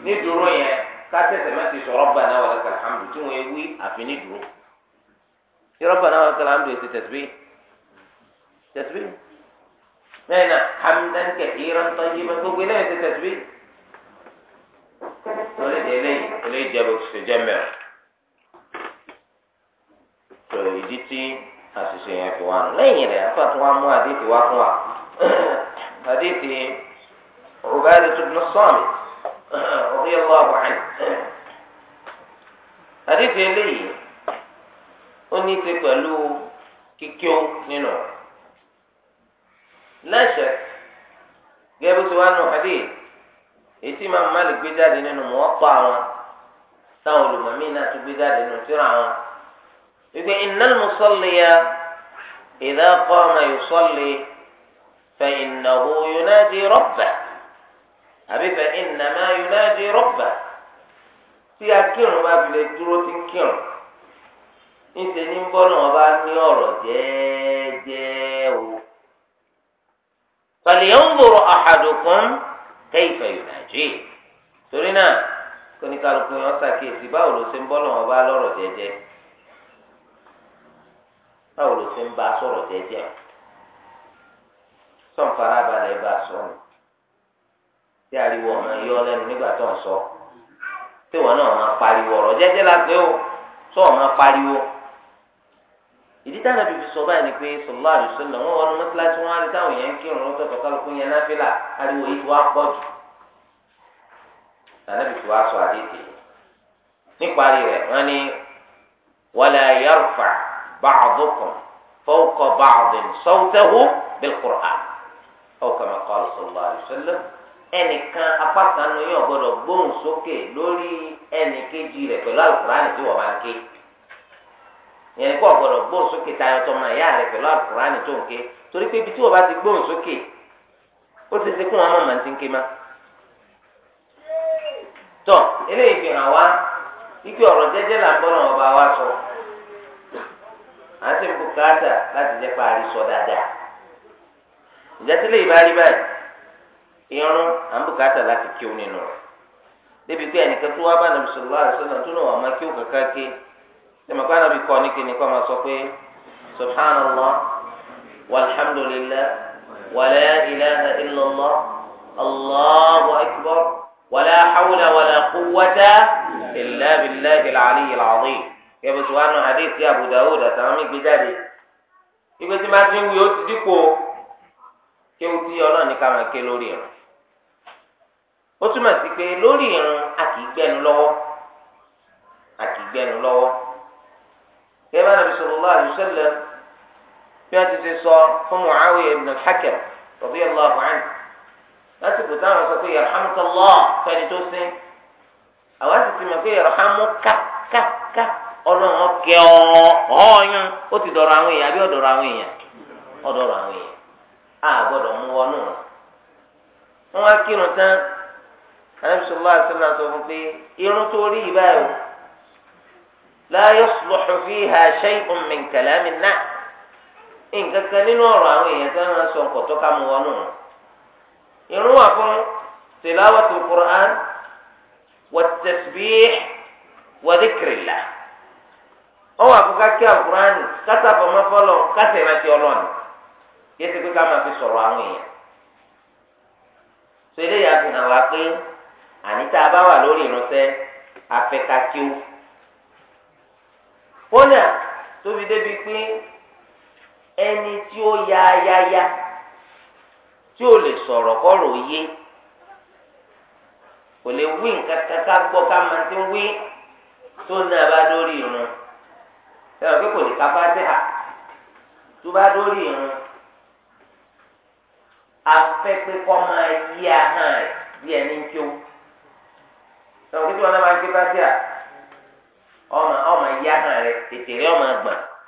nídúró yẹn kásẹ̀sẹ̀ má ti sọ rabbana wa lakal hamdu tí wọ́n wí àfi nídúró. tí rabbana wa lakal hamdu ti tasbih tasbih bẹ́ẹ̀ náà hamdan kathiran tayyiban gbogbo ilé ti tasbih. lórí ìdílé ilé ìjẹ́bù ti ṣe jẹ́ mẹ́rin. àṣìṣe yẹn fi wá nù afa tó wá mú àdéhìí wá fún wa àdéhìí ọ̀gáàdì tó dùn sọ́ọ̀mì eléyìí ó ní pẹ̀lú kíkíó nínú lẹ́sẹ̀ gẹ́gẹ́ tó wá nù àdéhìí ètí Imam Malik gbé jáde ìgbé innal musalliya idha qama yusalli fa innahu yunadi rabbah àbí fa innama yunadi rabbah tí akírun bá fi lè dúró tí ń kírun níṣẹ́ ní bọ́lá wọn bá ní ọ̀rọ̀ jẹ́ẹ́jẹ́ o. falyanzur ahadukum kayfa yunaji torí náà kóníkàlùkù yẹn ṣàkíyèsí báwo ló ṣe ń bọ́lá wọn bá lọ́rọ̀ jẹ́ẹ́jẹ́ báwo ló ṣe ń bá sọ̀rọ̀ jẹ́jẹ́ sọ̀nfarabalẹ̀ bá sọ̀rọ̀ tí ariwo ọmọ yọ lẹ́nu nígbà tó ń sọ tí wọn náà máa pariwo ọ̀rọ̀ jẹ́jẹ́ la pé o sọ máa pariwo ìdí táwọn ibi sọ báyìí ni pé sọlá àdùsọ náà wọn wọnú mọ́tíláṣí wọn á rí táwọn yẹn ń kírun lọ́tọ̀ kọ́kọ́lùkù yẹn náfìlà ariwo yìí wá pọ̀ jù tànàbì tí wàá sọ àdéhìí níparí rẹ̀ wọ́n ní wala yarfa. بعضكم فوق بعض صوته بالقرآن أو كما قال صلى الله عليه وسلم ẹnìkan apákanu yóò gbọ́dọ̀ gbóhùn sókè lórí ẹnìkejì rẹ̀ pẹ̀lú alukurani tí wọn bá ń ké yẹn kó gbọ́dọ̀ gbóhùn sókè tayọ tọmọ ẹ̀yà rẹ̀ alukurani tó ń ké torí pé ibi tí wọn bá ti gbóhùn sókè ó ti ṣe kó ike sọ. à ń sìn bùkátà láti jẹ́ parí sọ dáadáa ìjátìlẹ̀ ìbárí báyìí irun à ń bùkátà láti kí o nínú rẹ̀ débi pé ẹnìkan tó wá bá nàbì sọ̀rọ̀ láàrin sọ̀rọ̀ tó náà wà máa kí o kankan ké tẹ̀mọ̀ pé ànàbì kọ́ ní kíni kọ́ máa sọ pé subhanallah walhamdulillah wala ilaha illallah allahu akbar wala hawla wala quwwata illa billahi al-ali kẹfẹ tó wà Abu Dawud gbé jáde ìgbé máa ti ń wí ó ti dípò ọlọ́run ní ké lórí a kì í gbẹnu lọ́wọ́ a kì í gbẹnu lọ́wọ́ kẹfẹ Ànábì bí wọ́n ti sọ fún ibn al táwọn sọ pé fẹ́ni tó sin àwọn sì ti ọlọ́run ọkẹ ọ̀ọ́yán ó ti dọ̀rọ̀ àwọn èèyàn àbí ọ̀dọ̀rọ̀ àwọn èèyàn ọ̀dọ̀rọ̀ àwọn èèyàn á gbọ́dọ̀ mú wọnú wọn. wọ́n wá kírun tán alábìsọ̀lá àṣẹlá sọ fún pé irun tó rí yìí báyìí o la yusluhu fiha shay'un min kalami an-nas nǹkan kan nínú ọ̀rọ̀ àwọn èèyàn tí wọ́n sọ ọ̀kọ̀tọ́ ká mú wọnú wọn. irun wà fún tilawatul Qur'an wat tasbih wa dhikrillah. ọwọ àkọ́kọ́ kí àkùránì kátà bọ̀mọ́ fọlọ́ kátà ìrántí ọlọ́ọ̀ni yé pé ká máa fi sọ̀rọ̀ àwọn èèyàn so eléyìí á wá pé a bá wà lórí tóbi débi pé ẹni tí ó ya yáyá tí ó lè sọ̀rọ̀ kọ́rọ̀ yé kò lè wí nǹkan kan ká ká máa ti wí tó náà bá lórí ẹ̀rọ pé kò lè ka ha tó bá dórí irun afẹ́pẹ́ kọ́ máa yí ahọ́n rẹ̀ bí ẹni ń kíó ẹ̀rọ pé tí wọn náà máa ń ké fatiha ọmọ ọmọ yí ahọ́n rẹ̀ tètè ọmọ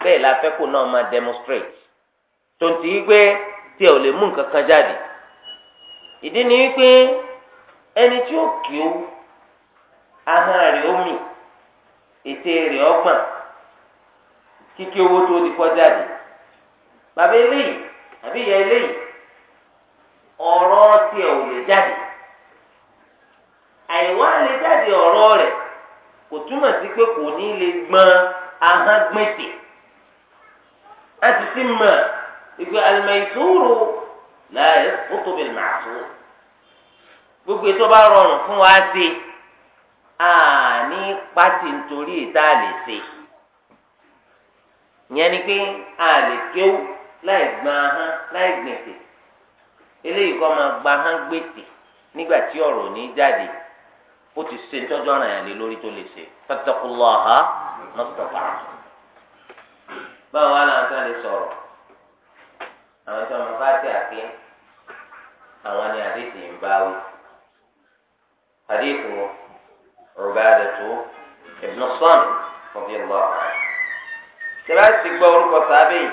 bẹ́ẹ̀ la náà máa demonstrate tonti gbé tí o lè mú nǹkan kan jáde ìdí ni wípé ẹni tí ó kí o ahọ́n rẹ̀ ó mì ètè kíkí owó tó di kọ́ jáde bàbá eléyìí àbí ìyá eléyìí ọ̀rọ̀ tiẹ̀ ò lè jáde àìwá lè jáde ọ̀rọ̀ rẹ̀ kò túmọ̀ sí pé kò ní lè gbọ́n ahọ́n gbẹ̀tẹ̀ láti sí mọ̀ ìgbé al-maysūru lā gbogbo ètò bá rọrùn fún wa ṣe àní pàtì nítorí ìta lè ṣe. ìyẹn ni pé a lè kéwú láì gbọ́n ahọ́n láì gbèsè eléyìí kọ́ máa gba ahọ́n gbèsè nígbà tí ọ̀rọ̀ ní jáde ó ti ṣe tọ́jú ọ̀ràn yẹn lórí tó lè ṣe fattaqullaha mọ́tòkà báwo soro làwọn tó lè sọ̀rọ̀ àwọn tó bá àwọn ni àdéhìí ń bá tẹ́lá ti gbọ́ orúkọ sábẹ́ yìí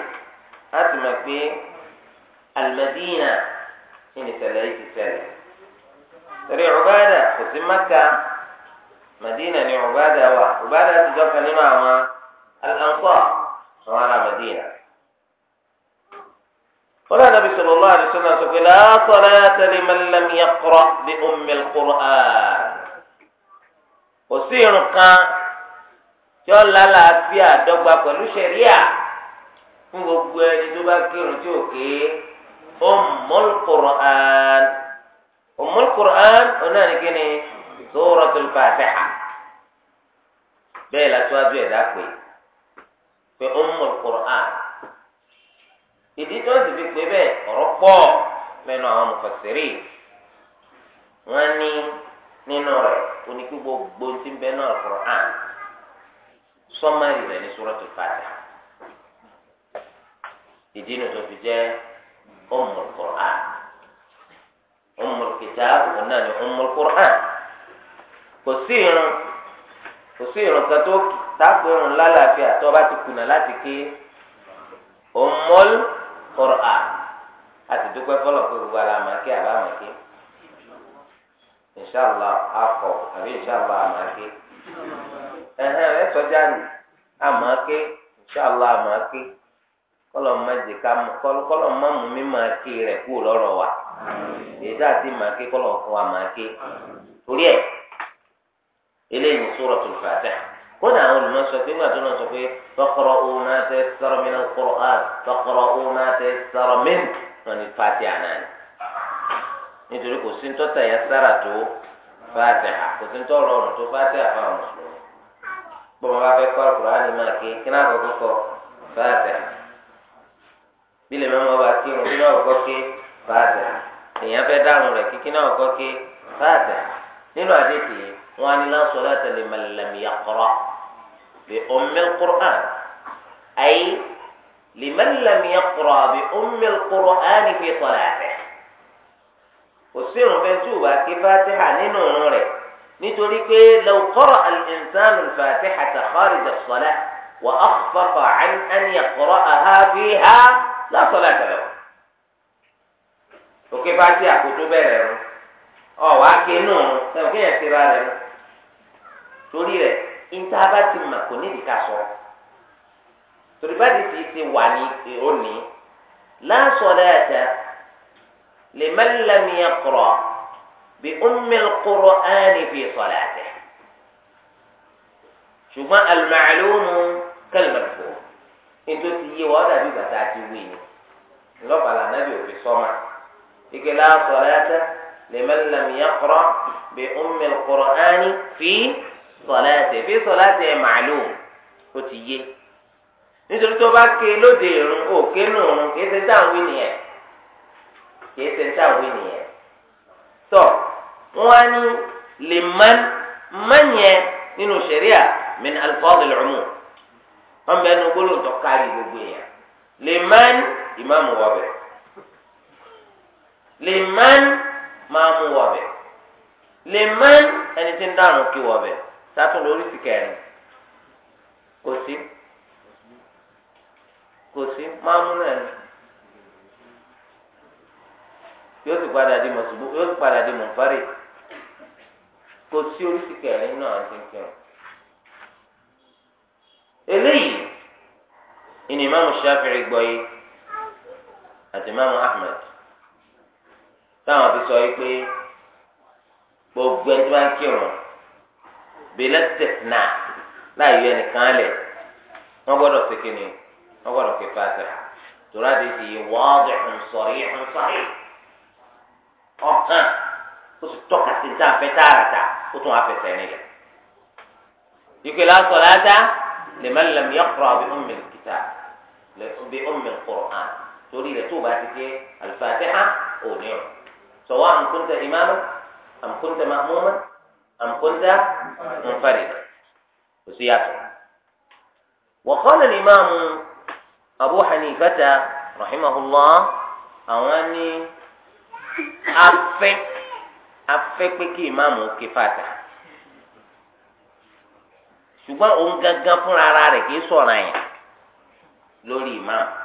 láti mọ̀ pé Al-Madina ní ìṣẹ̀lẹ̀ yìí ti ṣẹlẹ̀ torí Ubada kò sí Maka Madina ni Ubada wà Ubada ti jọ́ kan nínú àwọn Al-Ansar àwọn ará Madina. ولا النبي صلى الله عليه وسلم يقول لا صلاة لمن لم àá. بأم القرآن وسير kan. tí ó lálàáfíà dọ́gba pẹ̀lú sẹ̀ríà fún gbogbo ẹni tó bá kírun tí ò ké Ummul Qur'an Ummul Qur'an ọ̀nà ni kíni pé pé ìdí tó ń sì fi pé bẹ́ẹ̀ ọ̀rọ̀ pọ̀ lẹ́nu àwọn ní nínú sọmárì rẹ̀ ní sọrọtù fàtà ìdí nu tó fi jẹ́ Ummul Qur'an Ummul Kitab òun náà ní Ummul Qur'an kò sí irun kò sí irun kan tó táàpù irun lálàáfíà tó bá ti kùnà láti ké Ummul Qur'an àti dúpẹ́ fọlọ́ pé gbogbo ara màá àbá màá ké akọ àbí inshàlá màá ẹhẹn ẹ sọjá ni àmọ́ ké inṣàlá àmọ́ ké kọlọ ma jẹ kọlọ ma mú mi máa ké rẹ kú wa èdè àti máa ké kọlọ fún wa máa ké torí ẹ eléyìí Suratul Fatiha kódà àwọn olùmọ̀sọ pé ńgbà tó náà sọ pé náà ní nítorí kò sí ń tọ́ta sára tó kò sí ń tọ́ tó bọ́n bá fẹ́ kọ́ àkùránì ma ké kí náà kọ́kọ́ kọ́ fàtà bí lè mẹ́mọ́ bá kírun kí náà kọ́ ké fàtà èèyàn fẹ́ dáhùn rẹ̀ kí kí náà kọ́ ké fàtà nínú àdéhùn yìí wọ́n á ní lā ṣalāta má lam yaqra' bi ummil Qur'an ay liman lam yaqra' bi ummil Qur'an fi ṣalātihi kò sí ìrùn fẹ́ tí ò bá ké hà nínú òun rẹ̀ nítorí pé lọ́kọ́rọ̀ alìsánù fàtíhàtà kọ́rìjà sọ́lá wà á fọ́fọ́ àní ẹ̀kọ́rọ̀ àhábí ha lọ́sọ̀lá tẹ̀lẹ̀ wọ̀. òkè fàtí àkótó bẹ̀rẹ̀ rún ọ̀ wá ké nù sẹ́wọ̀n kí yẹn ti ra rẹ̀ rún. torí rẹ̀ níta ti mà kò ní ìdíkà sọ. torí bá ti ti wà ní òní lásọ̀lá tẹ̀ lè mẹ́lẹ́mìí ẹ̀kọ́rọ̀. بأم القرآن في صلاته شما المعلوم كالمرفوع انتو تيجي وادا بي بتاتي ويني لو بلا نبي في صمع لا صلاة لمن لم يقرأ بأم القرآن في صلاته في صلاته معلوم وتيجي nítorí tó bá ké lóde ìrun ó ké nù òrun kìí ṣe táwọn wí wọ́n ní lè man man yẹn nínú sẹ̀ríà min alifọ́ọ̀dì lọ́mù wọ́n bẹ nu gbólóhùn tó kárí gbogbo yẹn lè man ìmáàmù wọ̀bẹ̀ lè man máàmù wọ̀bẹ̀ lè man ẹni tí ń dànù kí wọ̀bẹ̀ sátún lórí ti kẹrin kò sí kò sí máàmù náà ni yóò sì padà di mọ̀sùlùmí yóò sì padà di mọ̀fárì. kò sí oríṣi kẹrin náà àti kẹrin eléyìí ìní imaamu shafi'i gbọ́ yìí àti ahmed táwọn sọ yìí pé gbogbo kírun ẹnìkan tòlá ti fi ń ń ọ̀kan. ó sì tọ́ka sí tá à ń fẹ́ tààràtà ó tún wá fẹsẹ̀ rìn lẹ̀. ìpè lásán láta lèmọ́ lẹ́mú yọkùrọ̀ àbí ọmọ ìkìtà bí ọmọ ìkùrọ̀ hàn torí rẹ̀ tó bá ti ké al-Fatiha ò ní ọ̀ sọ̀wọ́ am kunta imama am kunta ma'muma am kunta munfarida kò sí yàtọ̀. wa qala ni imam Abu Hanifata rahimahullah àwọn ní afẹ́. afẹ́ pé kí ìmáàmù ké fàtà ṣùgbọ́n òun gangan fúnra ara rẹ̀ kì í sọ̀rọ̀ àyàn lórí ìmáàmù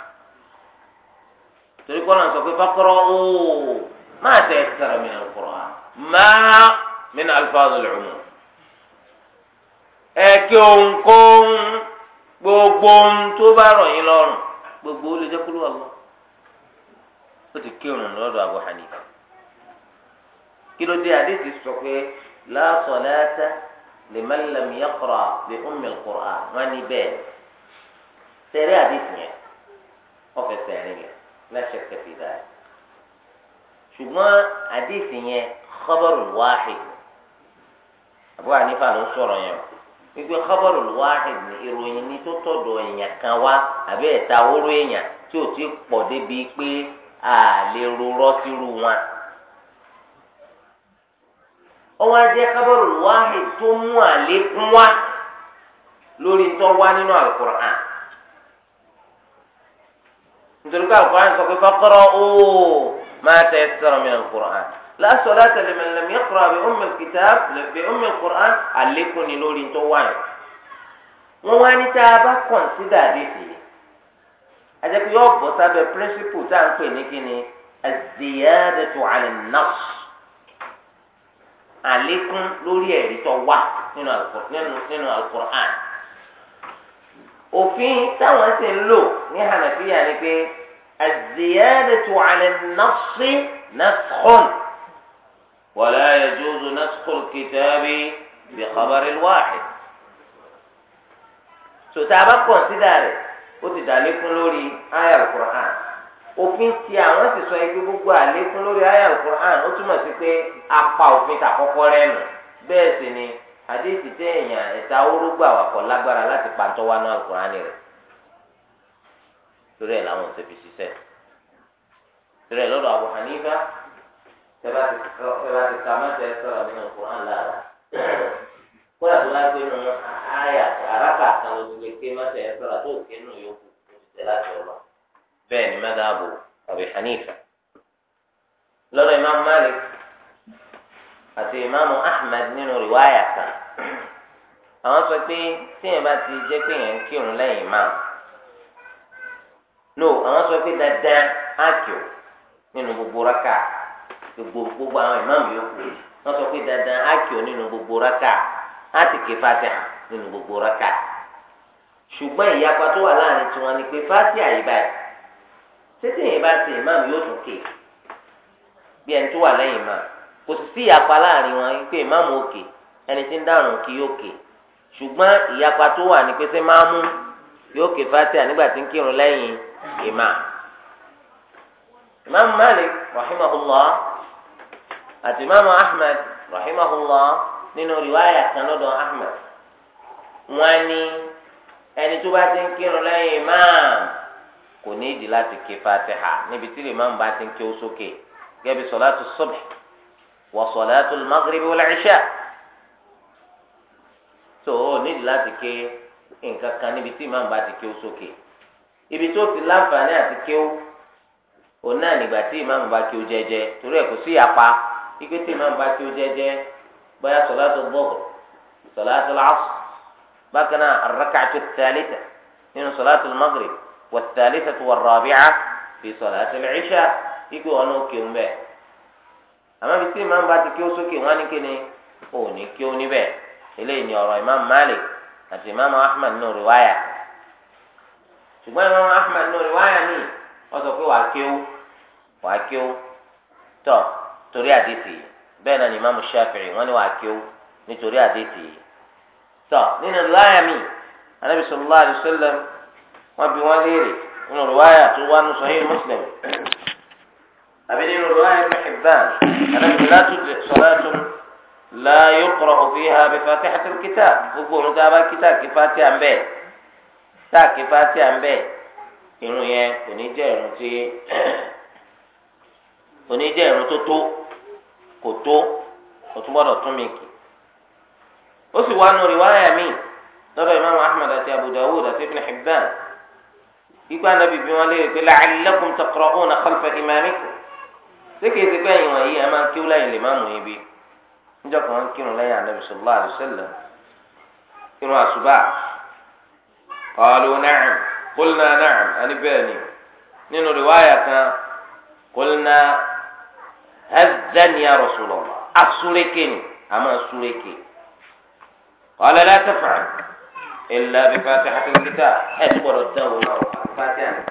torí kọ́nà sọ pé fakọ́rọ́ ooo máa tẹ ẹ̀sẹ̀rọ̀ mi àlùkọ́rọ̀ ha máa mi ní alifáàdù lùmù ẹ kí òun kó gbogbo tó bá rọ̀ yín lọ́rùn gbogbo olùjẹ́kúrú ọ̀lọ́ ó ti kírun lọ́dọ̀ Abu kí ló dé àdéhìí sọ pé la salata liman lam yaqra bi ummil qur'an wọn ní bẹ́ẹ̀ tẹ̀lé àdéhìí yẹn ọ̀fẹ́ tẹ̀lé yẹn lẹ́sẹ̀ kẹfì dáa ṣùgbọ́n àdéhìí yẹn khabarul wahid Abu Hanifa ló sọ̀rọ̀ yẹn wípé khabarul wahid ní ìròyìn ní tó tọ̀dọ̀ èèyàn kan wá àbí ẹ̀ta wóró èèyàn tí ò ti pọ̀ débi pé àlè rorọ́ sírú wọn ọwọ́ ajẹ́ kábọ̀rù wáhìn tó mú àlékún wá lórí tó wá nínú alukur'an nítorí pé alukur'an sọ pé faqra ooo máa tẹ ẹ sọ̀rọ̀ mi alukur'an la salata liman lam yaqra bi ummil kitab bi ummil qur'an àlékún ni lórí tó wá yẹn wọ́n wá ní tá a bá kọ̀ǹsídà àdéhìí ajẹ́ pé bọ́ sábẹ́ píríncípù tá à ń pè ní kíni az-ziyadatu àlékún lórí ẹ̀rí tó wà nínú alukur'an òfin táwọn sì ń lò ní hànàfíà ni pé az-ziyadatu 'ala an-nassi naskhun wa la yajuzu naskhu al-kitabi bi khabar al-wahid rẹ̀ ó ti dàlékún lórí ayé alukur'an. òfin ti àwọn ti sọ ibi gbogbo àlékún lórí àyà alukur'an ó túmọ̀ sí pé apá òfin tàkọ́kọ́ rẹ̀ nù bẹ́ẹ̀ sì ni àdéhìí site èèyàn ẹ̀ta orógbó àwàkọ̀ lágbára láti pàtó wá ní alukur'an rẹ̀ ẹ̀ ka sọ̀rọ̀ nínú alukur'an bẹ́ẹ̀ ni madhabu Abi Hanifa lọ́dọ̀ imam Malik àti imam Ahmad nínú riwaya kan àwọn sọ pé tíyẹn bá ti jẹ́ pé yẹn ń kírun lẹ́yìn imam no àwọn sọ pé dandan ákìó nínú gbogbo raka gbogbo gbogbo àwọn imam yòókù wọ́n sọ pé dandan ákìó nínú gbogbo raka á ti ké Fatiha nínú gbogbo raka ṣùgbọ́n ìyapa tó wà láàrin tiwọn ni pé Fatiha yìí báyìí tètè yẹn bá ti ìmáàmù yóò tún kè bí ẹni tó wà lẹ́yìn máa kò sì sí ìyapa láàrin wọn pé ìmáàmù òkè ẹni tí ń dárùn kí yóò kè ṣùgbọ́n ìyapa tó wà ní pé sẹ́ máa mú yóò kè fatiha nígbà tí ń kírun lẹ́yìn ìmáàmù. ìmáàmù Malik rahimahullah àti ìmáàmù Ahmad rahimahullah nínú riwaya kan lọ́dọ̀ Ahmad wọ́n ní ẹni tó bá ti ń kírun lẹ́yìn ìmáàmù kò ní ìdí láti ké fatiha níbi tí lèmọ́ bá ti ń ké o sókè gẹ́gẹ́ bí sọ̀láàtù subh wa sọ̀láàtù magrebi wal isha tó o ní ìdí láti ké nǹkan kan níbi tí ìmọ̀ bá ti ké o sókè ibi tó ti láǹfààní àti ké o òun náà nígbà tí ìmọ̀ bá ké o jẹ́jẹ́ torí ẹ̀ kò sí ìyapa ikú tí ìmọ̀ bá ké o jẹ́jẹ́ bóyá sọ̀láàtù dhuhr sọ̀láàtù al bákan náà ar-rak'atu ath nínú sọ̀láàtù al والثالثة والرابعة في صلاة العشاء يكو أنو كيوم بي أما بيتي إمام باتي كيو سوكي واني كيني أوني كيو ني بي إليه نيورو إمام مالك أتي إمام أحمد نو رواية ṣùgbọ́n ìmọ̀ ahmed nù ni wọ́n sọ pé wàá kíw wàá kíw ni wọ́n bi wọ́n léèrè nínú rúwáyà tó wá nù sọ́yìn Muslim àbí nínú rúwáyà Ibn Hibban àdàbí látú sọ́látú la yuqra'u fiha bi fatihatil kitab gbogbo òun tó a bá kíta kí fatiha ń bẹ̀ tá a kí fatiha ń bẹ̀ irun yẹn kò ní jẹ́ irun tí kò ní jẹ́ irun tó tó kò tó kò tún gbọ́dọ̀ tún mi kì ó sì wá nù rúwáyà mi lọ́dọ̀ Imam Ahmad àti Abu Dawud àti Ibn Hibban ikú anabi bí wọn léèrè pé la'allakum taqra'una khalfa imamikum sékè ti pé ẹ̀yìn wọ̀nyí ẹ̀ máa ń kíw lẹ́yìn lè má mú yín bí níjọ́ kan ń kírun lẹ́yìn anabi sallallahu alaihi wasallam irun àṣùbà qalu na'am qulna àní bẹ́ẹ̀ ni nínú rìwáyà kan qulna hazzan ya asúrékè ni àmọ́ asúrékè qala la taf'al illa bi fatihatil kitab ẹ̀ ti gbọ́dọ̀ dán wọn náà bá dé